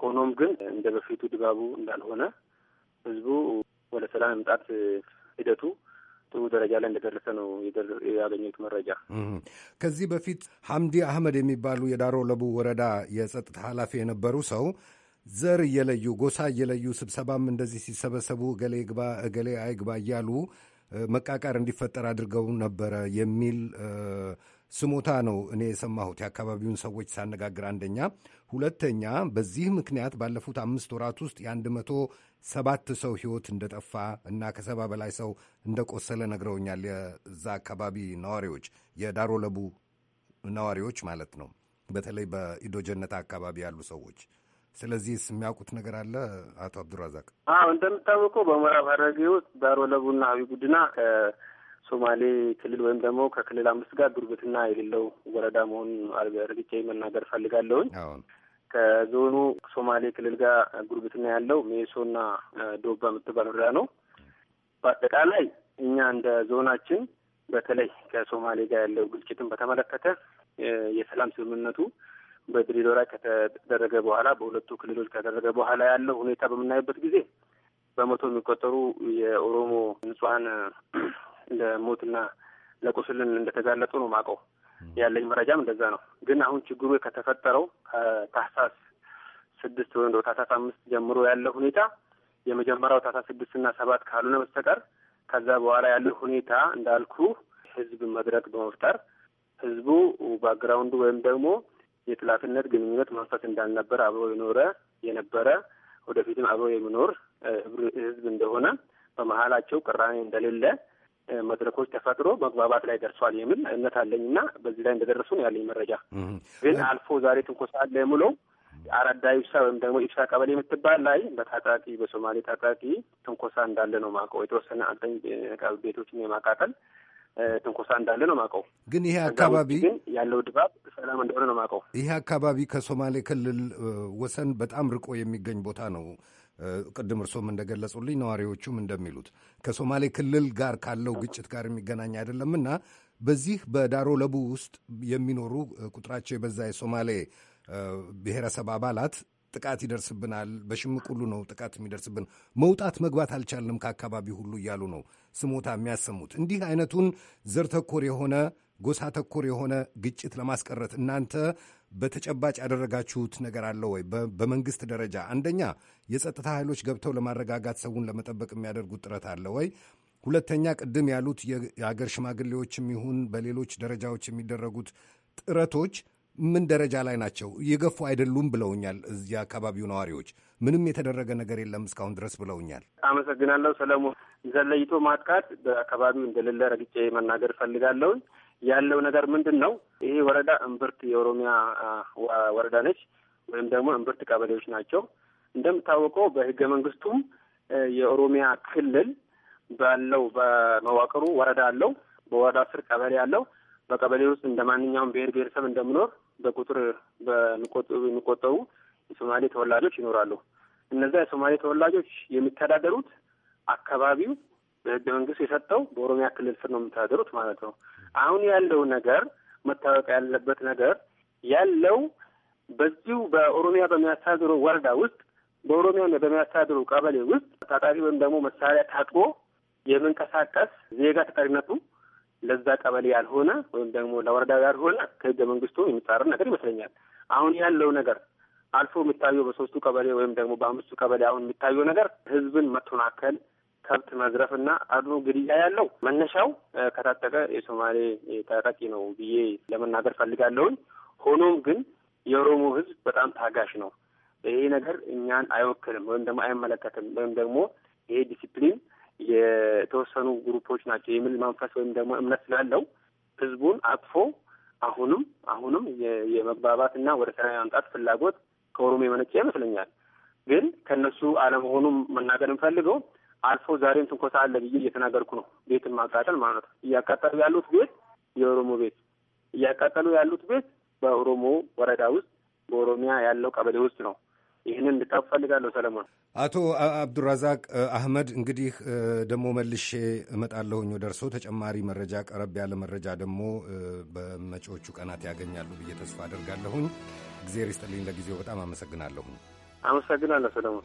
ሆኖም ግን እንደ በፊቱ ድባቡ እንዳልሆነ ህዝቡ ወደ ሰላም መምጣት ሂደቱ ጥሩ ደረጃ ላይ እንደደረሰ ነው ያገኘሁት መረጃ። ከዚህ በፊት ሐምዲ አህመድ የሚባሉ የዳሮ ለቡ ወረዳ የጸጥታ ኃላፊ የነበሩ ሰው ዘር እየለዩ ጎሳ እየለዩ ስብሰባም እንደዚህ ሲሰበሰቡ እገሌ ግባ እገሌ አይግባ እያሉ መቃቃር እንዲፈጠር አድርገው ነበረ የሚል ስሞታ ነው እኔ የሰማሁት የአካባቢውን ሰዎች ሳነጋግር፣ አንደኛ። ሁለተኛ በዚህ ምክንያት ባለፉት አምስት ወራት ውስጥ የአንድ መቶ ሰባት ሰው ህይወት እንደጠፋ እና ከሰባ በላይ ሰው እንደቆሰለ ነግረውኛል። የዛ አካባቢ ነዋሪዎች፣ የዳሮ ለቡ ነዋሪዎች ማለት ነው፣ በተለይ በኢዶጀነታ አካባቢ ያሉ ሰዎች። ስለዚህ የሚያውቁት ነገር አለ አቶ አብዱራዛቅ? አዎ እንደምታወቀው በምዕራብ ሐረርጌ ውስጥ ዳሮ ለቡና አዊ ቡድና ሶማሌ ክልል ወይም ደግሞ ከክልል አምስት ጋር ጉርብትና የሌለው ወረዳ መሆኑን አርግጬ መናገር ፈልጋለሁኝ። ከዞኑ ሶማሌ ክልል ጋር ጉርብትና ያለው ሜሶና ዶባ የምትባል ወረዳ ነው። በአጠቃላይ እኛ እንደ ዞናችን በተለይ ከሶማሌ ጋር ያለው ግጭትን በተመለከተ የሰላም ስምምነቱ በድሬዳዋ ላይ ከተደረገ በኋላ በሁለቱ ክልሎች ከተደረገ በኋላ ያለው ሁኔታ በምናይበት ጊዜ በመቶ የሚቆጠሩ የኦሮሞ ንጹሀን ለሞትና ለቁስልን እንደተጋለጡ ነው ማቀው ያለኝ መረጃም እንደዛ ነው። ግን አሁን ችግሩ ከተፈጠረው ከታህሳስ ስድስት ወይም ደግሞ ታህሳስ አምስት ጀምሮ ያለ ሁኔታ የመጀመሪያው ታህሳስ ስድስት እና ሰባት ካልሆነ በስተቀር ከዛ በኋላ ያለ ሁኔታ እንዳልኩ ህዝብ መድረክ በመፍጠር ህዝቡ ባክግራውንዱ ወይም ደግሞ የጥላትነት ግንኙነት መንፈስ እንዳልነበረ አብሮ የኖረ የነበረ ወደፊትም አብሮ የሚኖር ህዝብ እንደሆነ በመሀላቸው ቅራኔ እንደሌለ መድረኮች ተፈጥሮ መግባባት ላይ ደርሷል የሚል እምነት አለኝ እና በዚህ ላይ እንደደረሱ ነው ያለኝ መረጃ። ግን አልፎ ዛሬ ትንኮሳ አለ የምለው አራዳ ይብሳ ወይም ደግሞ ኢብሳ ቀበሌ የምትባል ላይ በታጣቂ በሶማሌ ታጣቂ ትንኮሳ እንዳለ ነው ማውቀው። የተወሰነ አንተኝ ቤቶችን የማቃጠል ትንኮሳ እንዳለ ነው ማውቀው። ግን ይሄ አካባቢ ግን ያለው ድባብ ሰላም እንደሆነ ነው ማውቀው። ይሄ አካባቢ ከሶማሌ ክልል ወሰን በጣም ርቆ የሚገኝ ቦታ ነው። ቅድም እርሶም እንደገለጹልኝ ነዋሪዎቹም እንደሚሉት ከሶማሌ ክልል ጋር ካለው ግጭት ጋር የሚገናኝ አይደለምና በዚህ በዳሮ ለቡ ውስጥ የሚኖሩ ቁጥራቸው የበዛ የሶማሌ ብሔረሰብ አባላት ጥቃት ይደርስብናል፣ በሽምቅ ሁሉ ነው ጥቃት የሚደርስብን፣ መውጣት መግባት አልቻልንም ከአካባቢ ሁሉ እያሉ ነው ስሞታ የሚያሰሙት። እንዲህ አይነቱን ዘር ተኮር የሆነ ጎሳ ተኮር የሆነ ግጭት ለማስቀረት እናንተ በተጨባጭ ያደረጋችሁት ነገር አለ ወይ? በመንግስት ደረጃ አንደኛ የጸጥታ ኃይሎች ገብተው ለማረጋጋት ሰውን ለመጠበቅ የሚያደርጉት ጥረት አለ ወይ? ሁለተኛ ቅድም ያሉት የአገር ሽማግሌዎችም ይሁን በሌሎች ደረጃዎች የሚደረጉት ጥረቶች ምን ደረጃ ላይ ናቸው? የገፉ አይደሉም ብለውኛል። እዚህ አካባቢው ነዋሪዎች ምንም የተደረገ ነገር የለም እስካሁን ድረስ ብለውኛል። አመሰግናለሁ ሰለሞን። ዘለይቶ ማጥቃት በአካባቢው እንደሌለ ረግጬ መናገር እፈልጋለሁ። ያለው ነገር ምንድን ነው? ይሄ ወረዳ እምብርት የኦሮሚያ ወረዳ ነች፣ ወይም ደግሞ እምብርት ቀበሌዎች ናቸው። እንደምታወቀው በህገ መንግስቱም የኦሮሚያ ክልል ባለው በመዋቅሩ ወረዳ አለው፣ በወረዳ ስር ቀበሌ አለው። በቀበሌ ውስጥ እንደ ማንኛውም ብሔር ብሔረሰብ እንደምኖር በቁጥር የሚቆጠሩ የሶማሌ ተወላጆች ይኖራሉ። እነዛ የሶማሌ ተወላጆች የሚተዳደሩት አካባቢው በህገ መንግስቱ የሰጠው በኦሮሚያ ክልል ስር ነው የሚተዳደሩት ማለት ነው። አሁን ያለው ነገር መታወቅ ያለበት ነገር ያለው በዚሁ በኦሮሚያ በሚያስተዳድረው ወረዳ ውስጥ በኦሮሚያ በሚያስተዳድረው ቀበሌ ውስጥ ታጣሪ ወይም ደግሞ መሳሪያ ታጥቆ የመንቀሳቀስ ዜጋ ተጠሪነቱ ለዛ ቀበሌ ያልሆነ ወይም ደግሞ ለወረዳው ያልሆነ ከህገ መንግስቱ የሚጻረር ነገር ይመስለኛል። አሁን ያለው ነገር አልፎ የሚታየው በሶስቱ ቀበሌ ወይም ደግሞ በአምስቱ ቀበሌ አሁን የሚታየው ነገር ህዝብን መተናከል ከብት መዝረፍ እና አድኖ ግድያ ያለው መነሻው ከታጠቀ የሶማሌ ታጣቂ ነው ብዬ ለመናገር ፈልጋለሁኝ። ሆኖም ግን የኦሮሞ ህዝብ በጣም ታጋሽ ነው። ይሄ ነገር እኛን አይወክልም ወይም ደግሞ አይመለከትም ወይም ደግሞ ይሄ ዲሲፕሊን የተወሰኑ ግሩፖች ናቸው የሚል መንፈስ ወይም ደግሞ እምነት ስላለው ህዝቡን አቅፎ አሁንም አሁንም የመግባባት እና ወደ ሰላም ማምጣት ፍላጎት ከኦሮሞ የመነጨ ይመስለኛል። ግን ከእነሱ አለመሆኑም መናገር የምፈልገው አልፎ ዛሬም ትንኮሳ አለ ብዬ እየተናገርኩ ነው። ቤትን ማቃጠል ማለት ነው። እያቃጠሉ ያሉት ቤት የኦሮሞ ቤት እያቃጠሉ ያሉት ቤት በኦሮሞ ወረዳ ውስጥ በኦሮሚያ ያለው ቀበሌ ውስጥ ነው። ይህንን እንድታውቅ ፈልጋለሁ ሰለሞን። አቶ አብዱራዛቅ አህመድ እንግዲህ ደግሞ መልሼ እመጣለሁኝ ወደ ተጨማሪ መረጃ፣ ቀረብ ያለ መረጃ ደግሞ በመጪዎቹ ቀናት ያገኛሉ ብዬ ተስፋ አደርጋለሁኝ። እግዜር ይስጥልኝ። ለጊዜው በጣም አመሰግናለሁኝ። አመሰግናለሁ ሰለሞን።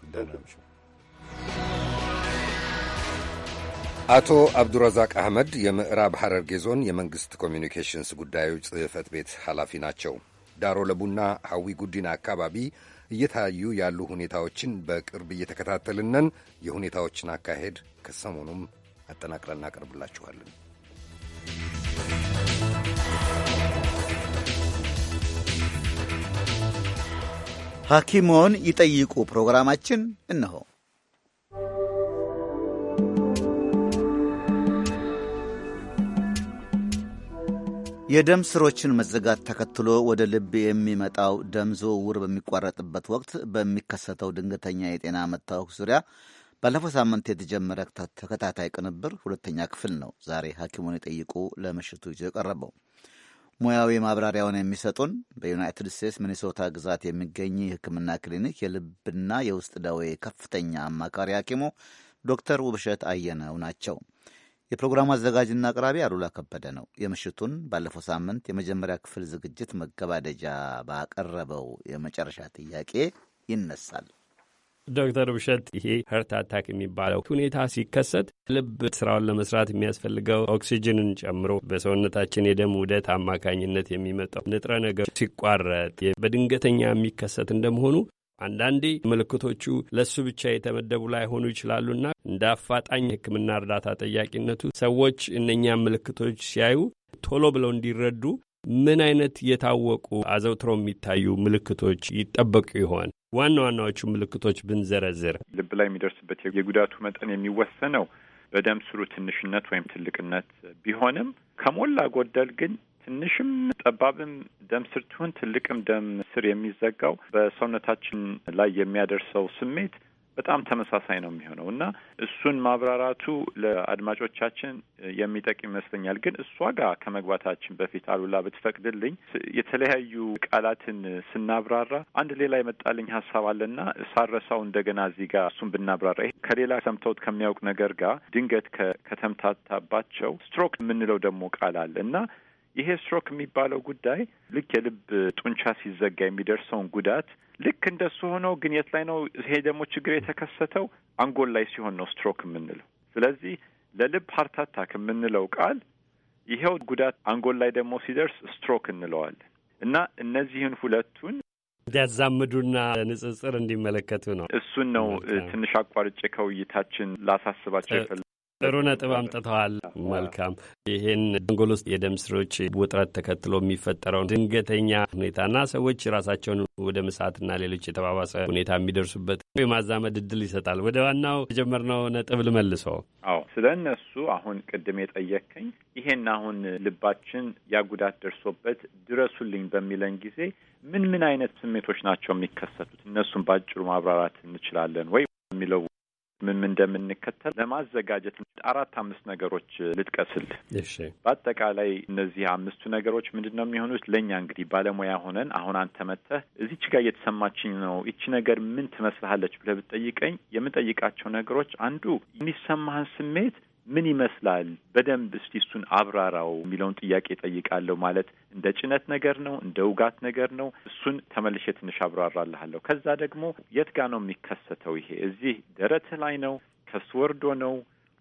አቶ አብዱረዛቅ አህመድ የምዕራብ ሐረርጌ ዞን የመንግሥት ኮሚኒኬሽንስ ጉዳዮች ጽሕፈት ቤት ኃላፊ ናቸው። ዳሮ ለቡና ሐዊ ጉዲና አካባቢ እየታዩ ያሉ ሁኔታዎችን በቅርብ እየተከታተልነን የሁኔታዎችን አካሄድ ከሰሞኑም አጠናቅረን እናቀርብላችኋለን። ሐኪሞን ይጠይቁ ፕሮግራማችን እነሆ። የደም ስሮችን መዘጋት ተከትሎ ወደ ልብ የሚመጣው ደም ዝውውር በሚቋረጥበት ወቅት በሚከሰተው ድንገተኛ የጤና መታወክ ዙሪያ ባለፈው ሳምንት የተጀመረ ተከታታይ ቅንብር ሁለተኛ ክፍል ነው። ዛሬ ሐኪሙን የጠይቁ ለምሽቱ ይዞ የቀረበው ሙያዊ ማብራሪያውን የሚሰጡን በዩናይትድ ስቴትስ ሚኒሶታ ግዛት የሚገኝ የሕክምና ክሊኒክ የልብና የውስጥ ደዌ ከፍተኛ አማካሪ ሐኪሙ ዶክተር ውብሸት አየነው ናቸው። የፕሮግራሙ አዘጋጅና አቅራቢ አሉላ ከበደ ነው። የምሽቱን ባለፈው ሳምንት የመጀመሪያ ክፍል ዝግጅት መገባደጃ ባቀረበው የመጨረሻ ጥያቄ ይነሳል። ዶክተር ብሸት ይሄ ሀርት አታክ የሚባለው ሁኔታ ሲከሰት ልብ ስራውን ለመስራት የሚያስፈልገው ኦክሲጅንን ጨምሮ በሰውነታችን የደም ውደት አማካኝነት የሚመጣው ንጥረ ነገር ሲቋረጥ በድንገተኛ የሚከሰት እንደመሆኑ አንዳንዴ ምልክቶቹ ለእሱ ብቻ የተመደቡ ላይሆኑ ይችላሉና እንደ አፋጣኝ ሕክምና እርዳታ ጠያቂነቱ ሰዎች እነኛም ምልክቶች ሲያዩ ቶሎ ብለው እንዲረዱ ምን አይነት የታወቁ አዘውትሮ የሚታዩ ምልክቶች ይጠበቁ ይሆን? ዋና ዋናዎቹ ምልክቶች ብንዘረዝር። ልብ ላይ የሚደርስበት የጉዳቱ መጠን የሚወሰነው በደም ስሩ ትንሽነት ወይም ትልቅነት ቢሆንም ከሞላ ጎደል ግን ትንሽም ጠባብም ደም ስር ትሁን ትልቅም ደም ስር የሚዘጋው በሰውነታችን ላይ የሚያደርሰው ስሜት በጣም ተመሳሳይ ነው የሚሆነው እና እሱን ማብራራቱ ለአድማጮቻችን የሚጠቅም ይመስለኛል። ግን እሷ ጋር ከመግባታችን በፊት አሉላ ብትፈቅድልኝ የተለያዩ ቃላትን ስናብራራ አንድ ሌላ የመጣልኝ ሀሳብ አለና ሳረሳው እንደገና እዚህ ጋር እሱን ብናብራራ ይሄ ከሌላ ሰምተውት ከሚያውቅ ነገር ጋር ድንገት ከተምታታባቸው ስትሮክ የምንለው ደግሞ ቃል አለ እና ይሄ ስትሮክ የሚባለው ጉዳይ ልክ የልብ ጡንቻ ሲዘጋ የሚደርሰውን ጉዳት ልክ እንደሱ ሆነው ግን የት ላይ ነው ይሄ ደግሞ ችግር የተከሰተው? አንጎል ላይ ሲሆን ነው ስትሮክ የምንለው። ስለዚህ ለልብ ሃርት አታክ የምንለው ቃል ይሄው ጉዳት አንጎል ላይ ደግሞ ሲደርስ ስትሮክ እንለዋለን። እና እነዚህን ሁለቱን እንዲያዛምዱና ንጽጽር እንዲመለከቱ ነው። እሱን ነው ትንሽ አቋርጬ ከውይይታችን ላሳስባቸው የፈለ ጥሩ ነጥብ አምጥተዋል። መልካም። ይህን አንጎል ውስጥ የደም ስሮች ውጥረት ተከትሎ የሚፈጠረውን ድንገተኛ ሁኔታና ሰዎች ራሳቸውን ወደ መሳትና ሌሎች የተባባሰ ሁኔታ የሚደርሱበት የማዛመድ እድል ይሰጣል። ወደ ዋናው የጀመርነው ነጥብ ልመልሶ። አዎ፣ ስለ እነሱ አሁን ቅድም የጠየቅከኝ ይሄን አሁን ልባችን ያጉዳት ደርሶበት ድረሱልኝ በሚለን ጊዜ ምን ምን አይነት ስሜቶች ናቸው የሚከሰቱት? እነሱን በአጭሩ ማብራራት እንችላለን ወይ የሚለው ምን እንደምንከተል ለማዘጋጀት አራት አምስት ነገሮች ልጥቀስል። በአጠቃላይ እነዚህ አምስቱ ነገሮች ምንድን ነው የሚሆኑት? ለእኛ እንግዲህ ባለሙያ ሆነን አሁን አንተ መጥተህ እዚች ጋር እየተሰማችኝ ነው ይቺ ነገር ምን ትመስልሃለች ብለህ ብትጠይቀኝ የምጠይቃቸው ነገሮች አንዱ የሚሰማህን ስሜት ምን ይመስላል? በደንብ እስቲ እሱን አብራራው የሚለውን ጥያቄ ጠይቃለሁ። ማለት እንደ ጭነት ነገር ነው፣ እንደ ውጋት ነገር ነው። እሱን ተመልሼ ትንሽ አብራራልሃለሁ። ከዛ ደግሞ የት ጋ ነው የሚከሰተው? ይሄ እዚህ ደረት ላይ ነው፣ ከሱ ወርዶ ነው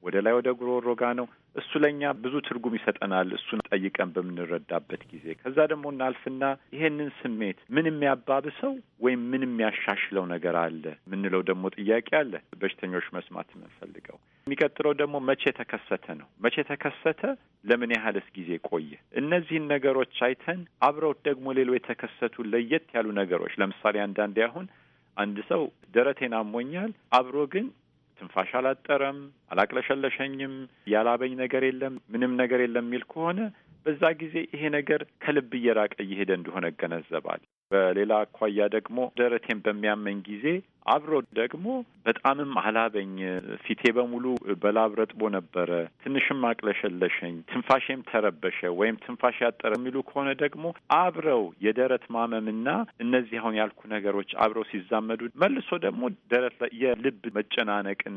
ወደ ላይ ወደ ጉሮሮ ጋ ነው። እሱ ለእኛ ብዙ ትርጉም ይሰጠናል። እሱን ጠይቀን በምንረዳበት ጊዜ ከዛ ደግሞ እናልፍና ይሄንን ስሜት ምን የሚያባብሰው ወይም ምን የሚያሻሽለው ነገር አለ የምንለው ደግሞ ጥያቄ አለ። በሽተኞች መስማት የምንፈልገው የሚቀጥለው ደግሞ መቼ ተከሰተ ነው። መቼ ተከሰተ፣ ለምን ያህልስ ጊዜ ቆየ። እነዚህን ነገሮች አይተን አብረው ደግሞ ሌሎ የተከሰቱ ለየት ያሉ ነገሮች ለምሳሌ አንዳንዴ አሁን አንድ ሰው ደረቴን አሞኛል፣ አብሮ ግን ትንፋሽ አላጠረም፣ አላቅለሸለሸኝም፣ ያላበኝ ነገር የለም፣ ምንም ነገር የለም የሚል ከሆነ በዛ ጊዜ ይሄ ነገር ከልብ እየራቀ እየሄደ እንደሆነ እገነዘባል። በሌላ አኳያ ደግሞ ደረቴን በሚያመኝ ጊዜ አብሮ ደግሞ በጣምም አላበኝ፣ ፊቴ በሙሉ በላብ ረጥቦ ነበረ፣ ትንሽም አቅለሸለሸኝ፣ ትንፋሼም ተረበሸ ወይም ትንፋሽ ያጠረ የሚሉ ከሆነ ደግሞ አብረው የደረት ማመምና እነዚህ አሁን ያልኩ ነገሮች አብረው ሲዛመዱ መልሶ ደግሞ ደረት ላይ የልብ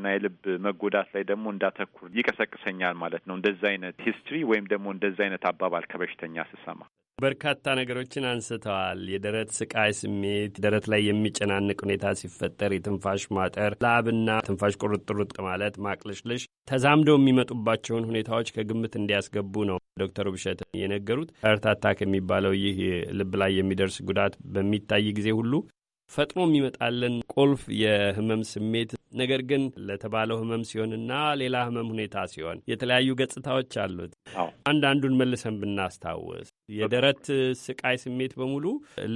ና የልብ መጎዳት ላይ ደግሞ እንዳተኩር ይቀሰቅሰኛል ማለት ነው። እንደዚ አይነት ሂስትሪ ወይም ደግሞ እንደዚ አይነት አባባል ከበሽተኛ ስሰማ በርካታ ነገሮችን አንስተዋል። የደረት ስቃይ ስሜት፣ ደረት ላይ የሚጨናንቅ ሁኔታ ሲፈጠር የትንፋሽ ማጠር፣ ላብና ትንፋሽ ቁርጥርጥ ማለት ማቅለሽለሽ፣ ተዛምደው የሚመጡባቸውን ሁኔታዎች ከግምት እንዲያስገቡ ነው ዶክተር ብሸት የነገሩት። ሃርት አታክ የሚባለው ይህ ልብ ላይ የሚደርስ ጉዳት በሚታይ ጊዜ ሁሉ ፈጥኖ የሚመጣልን ቁልፍ የህመም ስሜት ነገር ግን ለተባለው ህመም ሲሆንና ሌላ ህመም ሁኔታ ሲሆን የተለያዩ ገጽታዎች አሉት። አንዳንዱን መልሰን ብናስታውስ የደረት ስቃይ ስሜት በሙሉ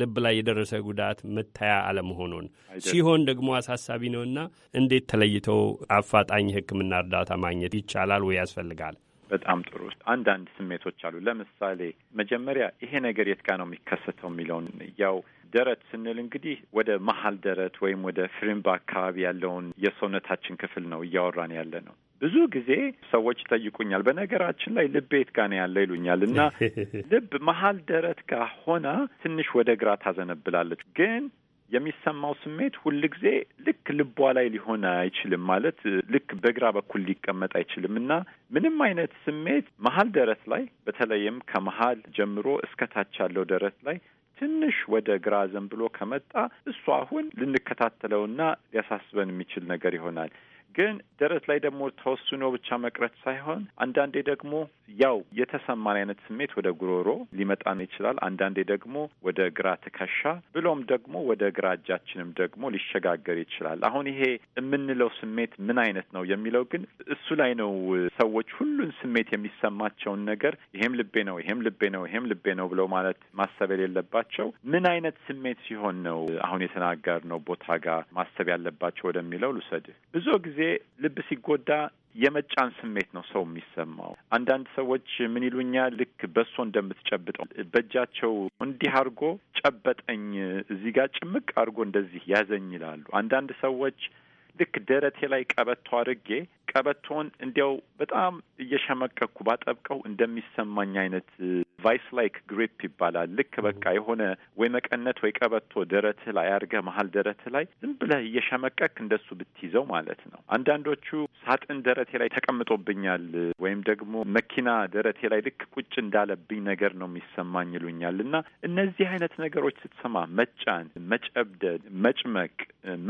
ልብ ላይ የደረሰ ጉዳት መታያ አለመሆኑን ሲሆን ደግሞ አሳሳቢ ነውና እንዴት ተለይተው አፋጣኝ ሕክምና እርዳታ ማግኘት ይቻላል ወይ ያስፈልጋል? በጣም ጥሩ። አንዳንድ ስሜቶች አሉ። ለምሳሌ መጀመሪያ ይሄ ነገር የት ጋ ነው የሚከሰተው የሚለውን ያው ደረት ስንል እንግዲህ ወደ መሀል ደረት ወይም ወደ ፍሪምባ አካባቢ ያለውን የሰውነታችን ክፍል ነው እያወራን ያለ ነው። ብዙ ጊዜ ሰዎች ይጠይቁኛል፣ በነገራችን ላይ ልብ የት ጋ ነው ያለው ይሉኛል። እና ልብ መሀል ደረት ጋር ሆና ትንሽ ወደ ግራ ታዘነብላለች ግን የሚሰማው ስሜት ሁል ጊዜ ልክ ልቧ ላይ ሊሆን አይችልም። ማለት ልክ በግራ በኩል ሊቀመጥ አይችልም እና ምንም አይነት ስሜት መሀል ደረት ላይ በተለይም ከመሀል ጀምሮ እስከ ታች ያለው ደረት ላይ ትንሽ ወደ ግራ ዘንብሎ ከመጣ እሱ አሁን ልንከታተለውና ሊያሳስበን የሚችል ነገር ይሆናል። ግን ደረት ላይ ደግሞ ተወስኖ ብቻ መቅረት ሳይሆን አንዳንዴ ደግሞ ያው የተሰማን አይነት ስሜት ወደ ጉሮሮ ሊመጣን ይችላል። አንዳንዴ ደግሞ ወደ ግራ ትከሻ ብሎም ደግሞ ወደ ግራ እጃችንም ደግሞ ሊሸጋገር ይችላል። አሁን ይሄ የምንለው ስሜት ምን አይነት ነው የሚለው ግን እሱ ላይ ነው። ሰዎች ሁሉን ስሜት የሚሰማቸውን ነገር ይሄም ልቤ ነው፣ ይሄም ልቤ ነው፣ ይሄም ልቤ ነው ብለው ማለት ማሰብ የሌለባቸው ምን አይነት ስሜት ሲሆን ነው አሁን የተናገርነው ቦታ ጋር ማሰብ ያለባቸው ወደሚለው ልውሰድህ ብዙ ጊዜ ጊዜ ልብ ሲጎዳ የመጫን ስሜት ነው ሰው የሚሰማው። አንዳንድ ሰዎች ምን ይሉኛ ልክ በሶ እንደምትጨብጠው በእጃቸው እንዲህ አድርጎ ጨበጠኝ፣ እዚህ ጋር ጭምቅ አድርጎ እንደዚህ ያዘኝ ይላሉ። አንዳንድ ሰዎች ልክ ደረቴ ላይ ቀበቶ አድርጌ ቀበቶን እንዲያው በጣም እየሸመቀኩ ባጠብቀው እንደሚሰማኝ አይነት ቫይስ ላይክ ግሪፕ ይባላል። ልክ በቃ የሆነ ወይ መቀነት ወይ ቀበቶ ደረት ላይ አርገ መሀል ደረት ላይ ዝም ብለህ እየሸመቀክ እንደሱ ብትይዘው ማለት ነው። አንዳንዶቹ ሳጥን ደረቴ ላይ ተቀምጦብኛል ወይም ደግሞ መኪና ደረቴ ላይ ልክ ቁጭ እንዳለብኝ ነገር ነው የሚሰማኝ ይሉኛል። እና እነዚህ አይነት ነገሮች ስትሰማ መጫን፣ መጨብደድ፣ መጭመቅ፣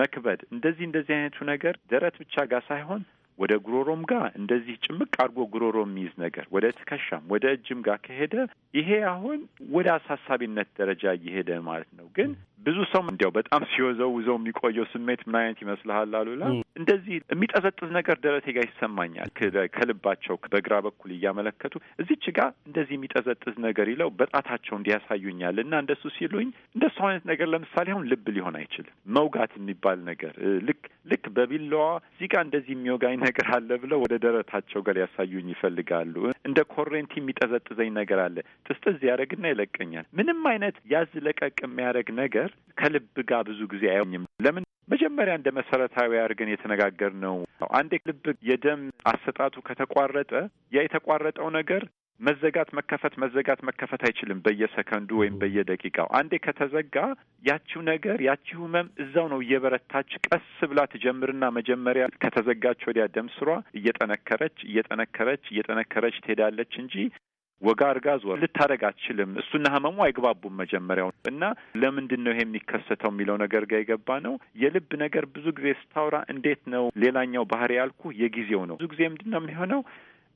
መክበድ እንደዚህ እንደዚህ አይነቱ ነገር ደረት ብቻ ጋር ሳይሆን ወደ ጉሮሮም ጋር እንደዚህ ጭምቅ አድርጎ ጉሮሮ የሚይዝ ነገር ወደ ትከሻም ወደ እጅም ጋር ከሄደ ይሄ አሁን ወደ አሳሳቢነት ደረጃ እየሄደ ማለት ነው። ግን ብዙ ሰው እንዲያው በጣም ሲወዘውዘው የሚቆየው ስሜት ምን አይነት ይመስልሃል? አሉላ እንደዚህ የሚጠዘጥዝ ነገር ደረቴ ጋር ይሰማኛል። ከልባቸው በግራ በኩል እያመለከቱ እዚች ጋር እንደዚህ የሚጠዘጥዝ ነገር ይለው በጣታቸው እንዲያሳዩኛል እና እንደሱ ሲሉኝ እንደሱ አይነት ነገር ለምሳሌ አሁን ልብ ሊሆን አይችልም። መውጋት የሚባል ነገር ልክ ልክ በቢላዋ እዚህ ጋር እንደዚህ የሚወጋኝ ነገር አለ ብለው ወደ ደረታቸው ጋር ሊያሳዩኝ ይፈልጋሉ። እንደ ኮሬንቲ የሚጠዘጥዘኝ ነገር አለ። ጥስጥዝ ያደረግና ይለቀኛል። ምንም አይነት ያዝ ለቀቅ የሚያደረግ ነገር ከልብ ጋር ብዙ ጊዜ አይሆኝም። ለምን? መጀመሪያ እንደ መሰረታዊ አድርገን የተነጋገር ነው። አንዴ ልብ የደም አሰጣቱ ከተቋረጠ ያ የተቋረጠው ነገር መዘጋት መከፈት መዘጋት መከፈት አይችልም በየሰከንዱ ወይም በየደቂቃው። አንዴ ከተዘጋ ያችው ነገር ያችው ህመም እዛው ነው እየበረታች ቀስ ብላ ትጀምርና መጀመሪያ ከተዘጋች ወዲያ ደም ስሯ እየጠነከረች እየጠነከረች እየጠነከረች ትሄዳለች እንጂ ወጋ አርጋ ዞር ልታደረግ አትችልም። እሱና ህመሙ አይግባቡም መጀመሪያው እና ለምንድን ነው ይሄ የሚከሰተው የሚለው ነገር ጋር የገባ ነው። የልብ ነገር ብዙ ጊዜ ስታውራ እንዴት ነው ሌላኛው ባህሪ ያልኩ የጊዜው ነው። ብዙ ጊዜ ምንድን ነው የሚሆነው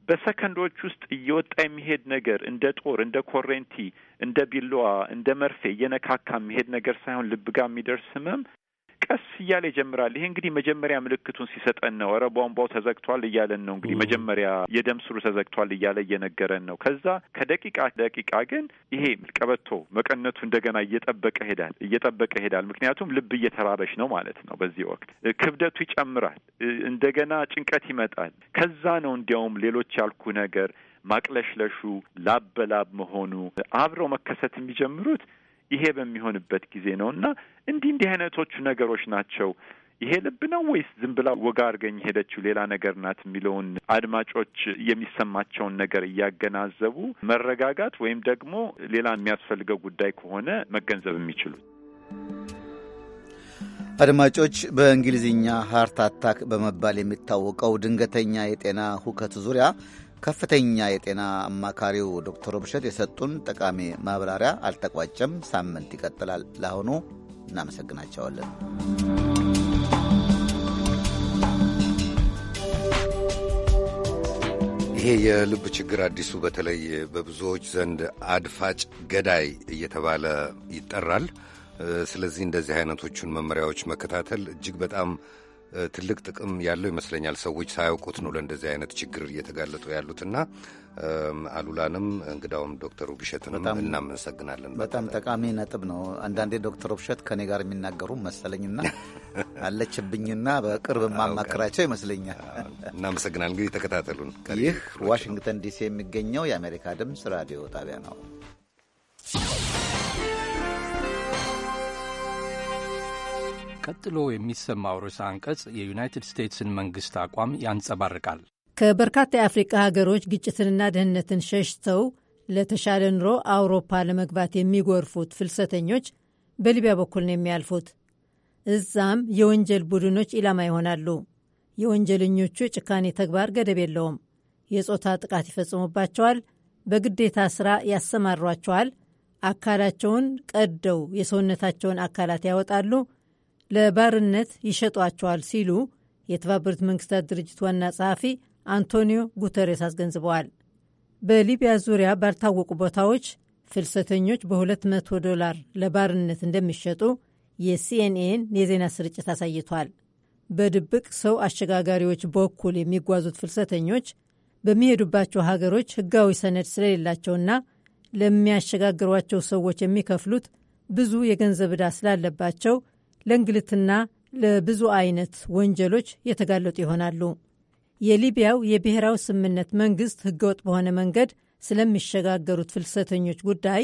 በሰከንዶች ውስጥ እየወጣ የሚሄድ ነገር እንደ ጦር፣ እንደ ኮሬንቲ፣ እንደ ቢላዋ፣ እንደ መርፌ እየነካካ የሚሄድ ነገር ሳይሆን ልብ ጋር የሚደርስ ህመም ቀስ እያለ ይጀምራል። ይሄ እንግዲህ መጀመሪያ ምልክቱን ሲሰጠን ነው። ኧረ ቧንቧው ተዘግቷል እያለን ነው። እንግዲህ መጀመሪያ የደም ስሩ ተዘግቷል እያለ እየነገረን ነው። ከዛ ከደቂቃ ደቂቃ ግን ይሄ ቀበቶ መቀነቱ እንደገና እየጠበቀ ሄዳል እየጠበቀ ሄዳል። ምክንያቱም ልብ እየተራበሽ ነው ማለት ነው። በዚህ ወቅት ክብደቱ ይጨምራል። እንደገና ጭንቀት ይመጣል። ከዛ ነው እንዲያውም ሌሎች ያልኩ ነገር ማቅለሽለሹ፣ ላበላብ መሆኑ አብረው መከሰት የሚጀምሩት ይሄ በሚሆንበት ጊዜ ነው እና እንዲህ እንዲህ አይነቶቹ ነገሮች ናቸው። ይሄ ልብ ነው ወይስ ዝም ብላ ወጋ አድርገኝ ሄደችው ሌላ ነገር ናት የሚለውን አድማጮች የሚሰማቸውን ነገር እያገናዘቡ መረጋጋት ወይም ደግሞ ሌላ የሚያስፈልገው ጉዳይ ከሆነ መገንዘብ የሚችሉት አድማጮች በእንግሊዝኛ ሀርት አታክ በመባል የሚታወቀው ድንገተኛ የጤና ሁከት ዙሪያ ከፍተኛ የጤና አማካሪው ዶክተር ብሸት የሰጡን ጠቃሚ ማብራሪያ አልተቋጨም። ሳምንት ይቀጥላል። ለአሁኑ እናመሰግናቸዋለን። ይሄ የልብ ችግር አዲሱ በተለይ በብዙዎች ዘንድ አድፋጭ ገዳይ እየተባለ ይጠራል። ስለዚህ እንደዚህ አይነቶቹን መመሪያዎች መከታተል እጅግ በጣም ትልቅ ጥቅም ያለው ይመስለኛል። ሰዎች ሳያውቁት ነው ለእንደዚህ አይነት ችግር እየተጋለጡ ያሉትና አሉላንም እንግዳውም ዶክተር ውብሸትንም እናመሰግናለን። በጣም ጠቃሚ ነጥብ ነው። አንዳንዴ ዶክተር ውብሸት ከኔ ጋር የሚናገሩ መሰለኝና አለችብኝና በቅርብ ማማክራቸው ይመስለኛል። እናመሰግናል። እንግዲህ ተከታተሉን። ይህ ዋሽንግተን ዲሲ የሚገኘው የአሜሪካ ድምፅ ራዲዮ ጣቢያ ነው። ቀጥሎ የሚሰማው ርዕሰ አንቀጽ የዩናይትድ ስቴትስን መንግስት አቋም ያንጸባርቃል። ከበርካታ የአፍሪቃ ሀገሮች ግጭትንና ድህነትን ሸሽተው ለተሻለ ኑሮ አውሮፓ ለመግባት የሚጎርፉት ፍልሰተኞች በሊቢያ በኩል ነው የሚያልፉት። እዛም የወንጀል ቡድኖች ኢላማ ይሆናሉ። የወንጀለኞቹ የጭካኔ ተግባር ገደብ የለውም። የጾታ ጥቃት ይፈጽሙባቸዋል፣ በግዴታ ሥራ ያሰማሯቸዋል፣ አካላቸውን ቀደው የሰውነታቸውን አካላት ያወጣሉ፣ ለባርነት ይሸጧቸዋል ሲሉ የተባበሩት መንግስታት ድርጅት ዋና ጸሐፊ አንቶኒዮ ጉተሬስ አስገንዝበዋል። በሊቢያ ዙሪያ ባልታወቁ ቦታዎች ፍልሰተኞች በ200 ዶላር ለባርነት እንደሚሸጡ የሲኤንኤን የዜና ስርጭት አሳይቷል። በድብቅ ሰው አሸጋጋሪዎች በኩል የሚጓዙት ፍልሰተኞች በሚሄዱባቸው ሀገሮች ሕጋዊ ሰነድ ስለሌላቸውና ለሚያሸጋግሯቸው ሰዎች የሚከፍሉት ብዙ የገንዘብ ዕዳ ስላለባቸው ለእንግልትና ለብዙ አይነት ወንጀሎች የተጋለጡ ይሆናሉ። የሊቢያው የብሔራዊ ስምምነት መንግስት ህገወጥ በሆነ መንገድ ስለሚሸጋገሩት ፍልሰተኞች ጉዳይ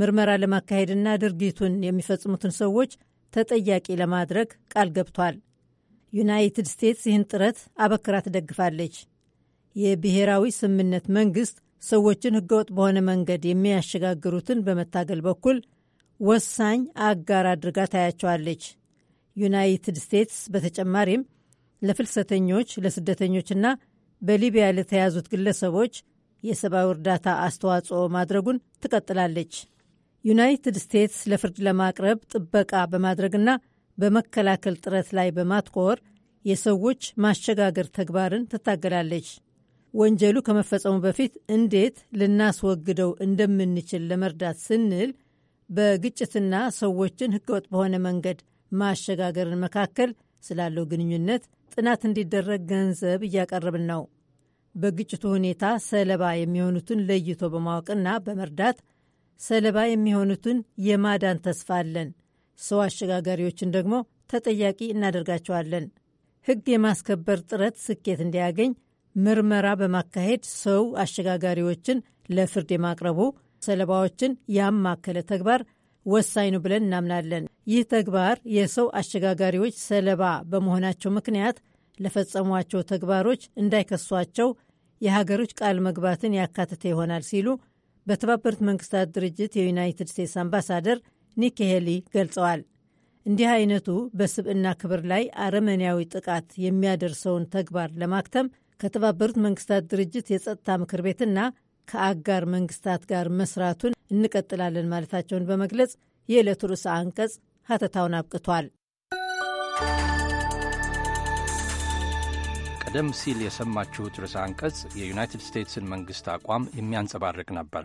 ምርመራ ለማካሄድና ድርጊቱን የሚፈጽሙትን ሰዎች ተጠያቂ ለማድረግ ቃል ገብቷል። ዩናይትድ ስቴትስ ይህን ጥረት አበክራ ትደግፋለች። የብሔራዊ ስምምነት መንግስት ሰዎችን ህገወጥ በሆነ መንገድ የሚያሸጋግሩትን በመታገል በኩል ወሳኝ አጋር አድርጋ ታያቸዋለች። ዩናይትድ ስቴትስ በተጨማሪም ለፍልሰተኞች ለስደተኞችና በሊቢያ ለተያዙት ግለሰቦች የሰብአዊ እርዳታ አስተዋጽኦ ማድረጉን ትቀጥላለች። ዩናይትድ ስቴትስ ለፍርድ ለማቅረብ ጥበቃ በማድረግና በመከላከል ጥረት ላይ በማትኮር የሰዎች ማሸጋገር ተግባርን ትታገላለች። ወንጀሉ ከመፈጸሙ በፊት እንዴት ልናስወግደው እንደምንችል ለመርዳት ስንል በግጭትና ሰዎችን ሕገወጥ በሆነ መንገድ ማሸጋገርን መካከል ስላለው ግንኙነት ጥናት እንዲደረግ ገንዘብ እያቀረብን ነው። በግጭቱ ሁኔታ ሰለባ የሚሆኑትን ለይቶ በማወቅና በመርዳት ሰለባ የሚሆኑትን የማዳን ተስፋ አለን። ሰው አሸጋጋሪዎችን ደግሞ ተጠያቂ እናደርጋቸዋለን። ሕግ የማስከበር ጥረት ስኬት እንዲያገኝ ምርመራ በማካሄድ ሰው አሸጋጋሪዎችን ለፍርድ የማቅረቡ ሰለባዎችን ያማከለ ተግባር ወሳኝ ነው ብለን እናምናለን። ይህ ተግባር የሰው አሸጋጋሪዎች ሰለባ በመሆናቸው ምክንያት ለፈጸሟቸው ተግባሮች እንዳይከሷቸው የሀገሮች ቃል መግባትን ያካተተ ይሆናል ሲሉ በተባበሩት መንግስታት ድርጅት የዩናይትድ ስቴትስ አምባሳደር ኒኪ ሄሊ ገልጸዋል። እንዲህ አይነቱ በስብዕና ክብር ላይ አረመኔያዊ ጥቃት የሚያደርሰውን ተግባር ለማክተም ከተባበሩት መንግስታት ድርጅት የጸጥታ ምክር ቤትና ከአጋር መንግስታት ጋር መስራቱን እንቀጥላለን ማለታቸውን በመግለጽ የዕለቱ ርዕሰ አንቀጽ ሀተታውን አብቅቷል። ቀደም ሲል የሰማችሁት ርዕሰ አንቀጽ የዩናይትድ ስቴትስን መንግሥት አቋም የሚያንጸባርቅ ነበር።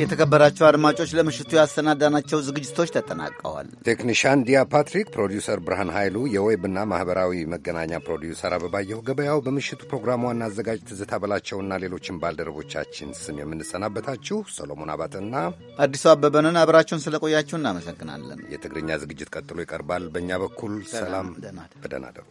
የተከበራቸው አድማጮች ለምሽቱ ያሰናዳናቸው ዝግጅቶች ተጠናቀዋል። ቴክኒሻን ዲያ ፓትሪክ፣ ፕሮዲውሰር ብርሃን ኃይሉ፣ የዌብና ማኅበራዊ መገናኛ ፕሮዲውሰር አበባየሁ ገበያው፣ በምሽቱ ፕሮግራም ዋና አዘጋጅ ትዝታ በላቸውና ሌሎችን ባልደረቦቻችን ስም የምንሰናበታችሁ ሰሎሞን አባተና አዲሱ አበበንን አብራችሁን ስለቆያችሁ እናመሰግናለን። የትግርኛ ዝግጅት ቀጥሎ ይቀርባል። በእኛ በኩል ሰላም፣ በደህና ደሩ።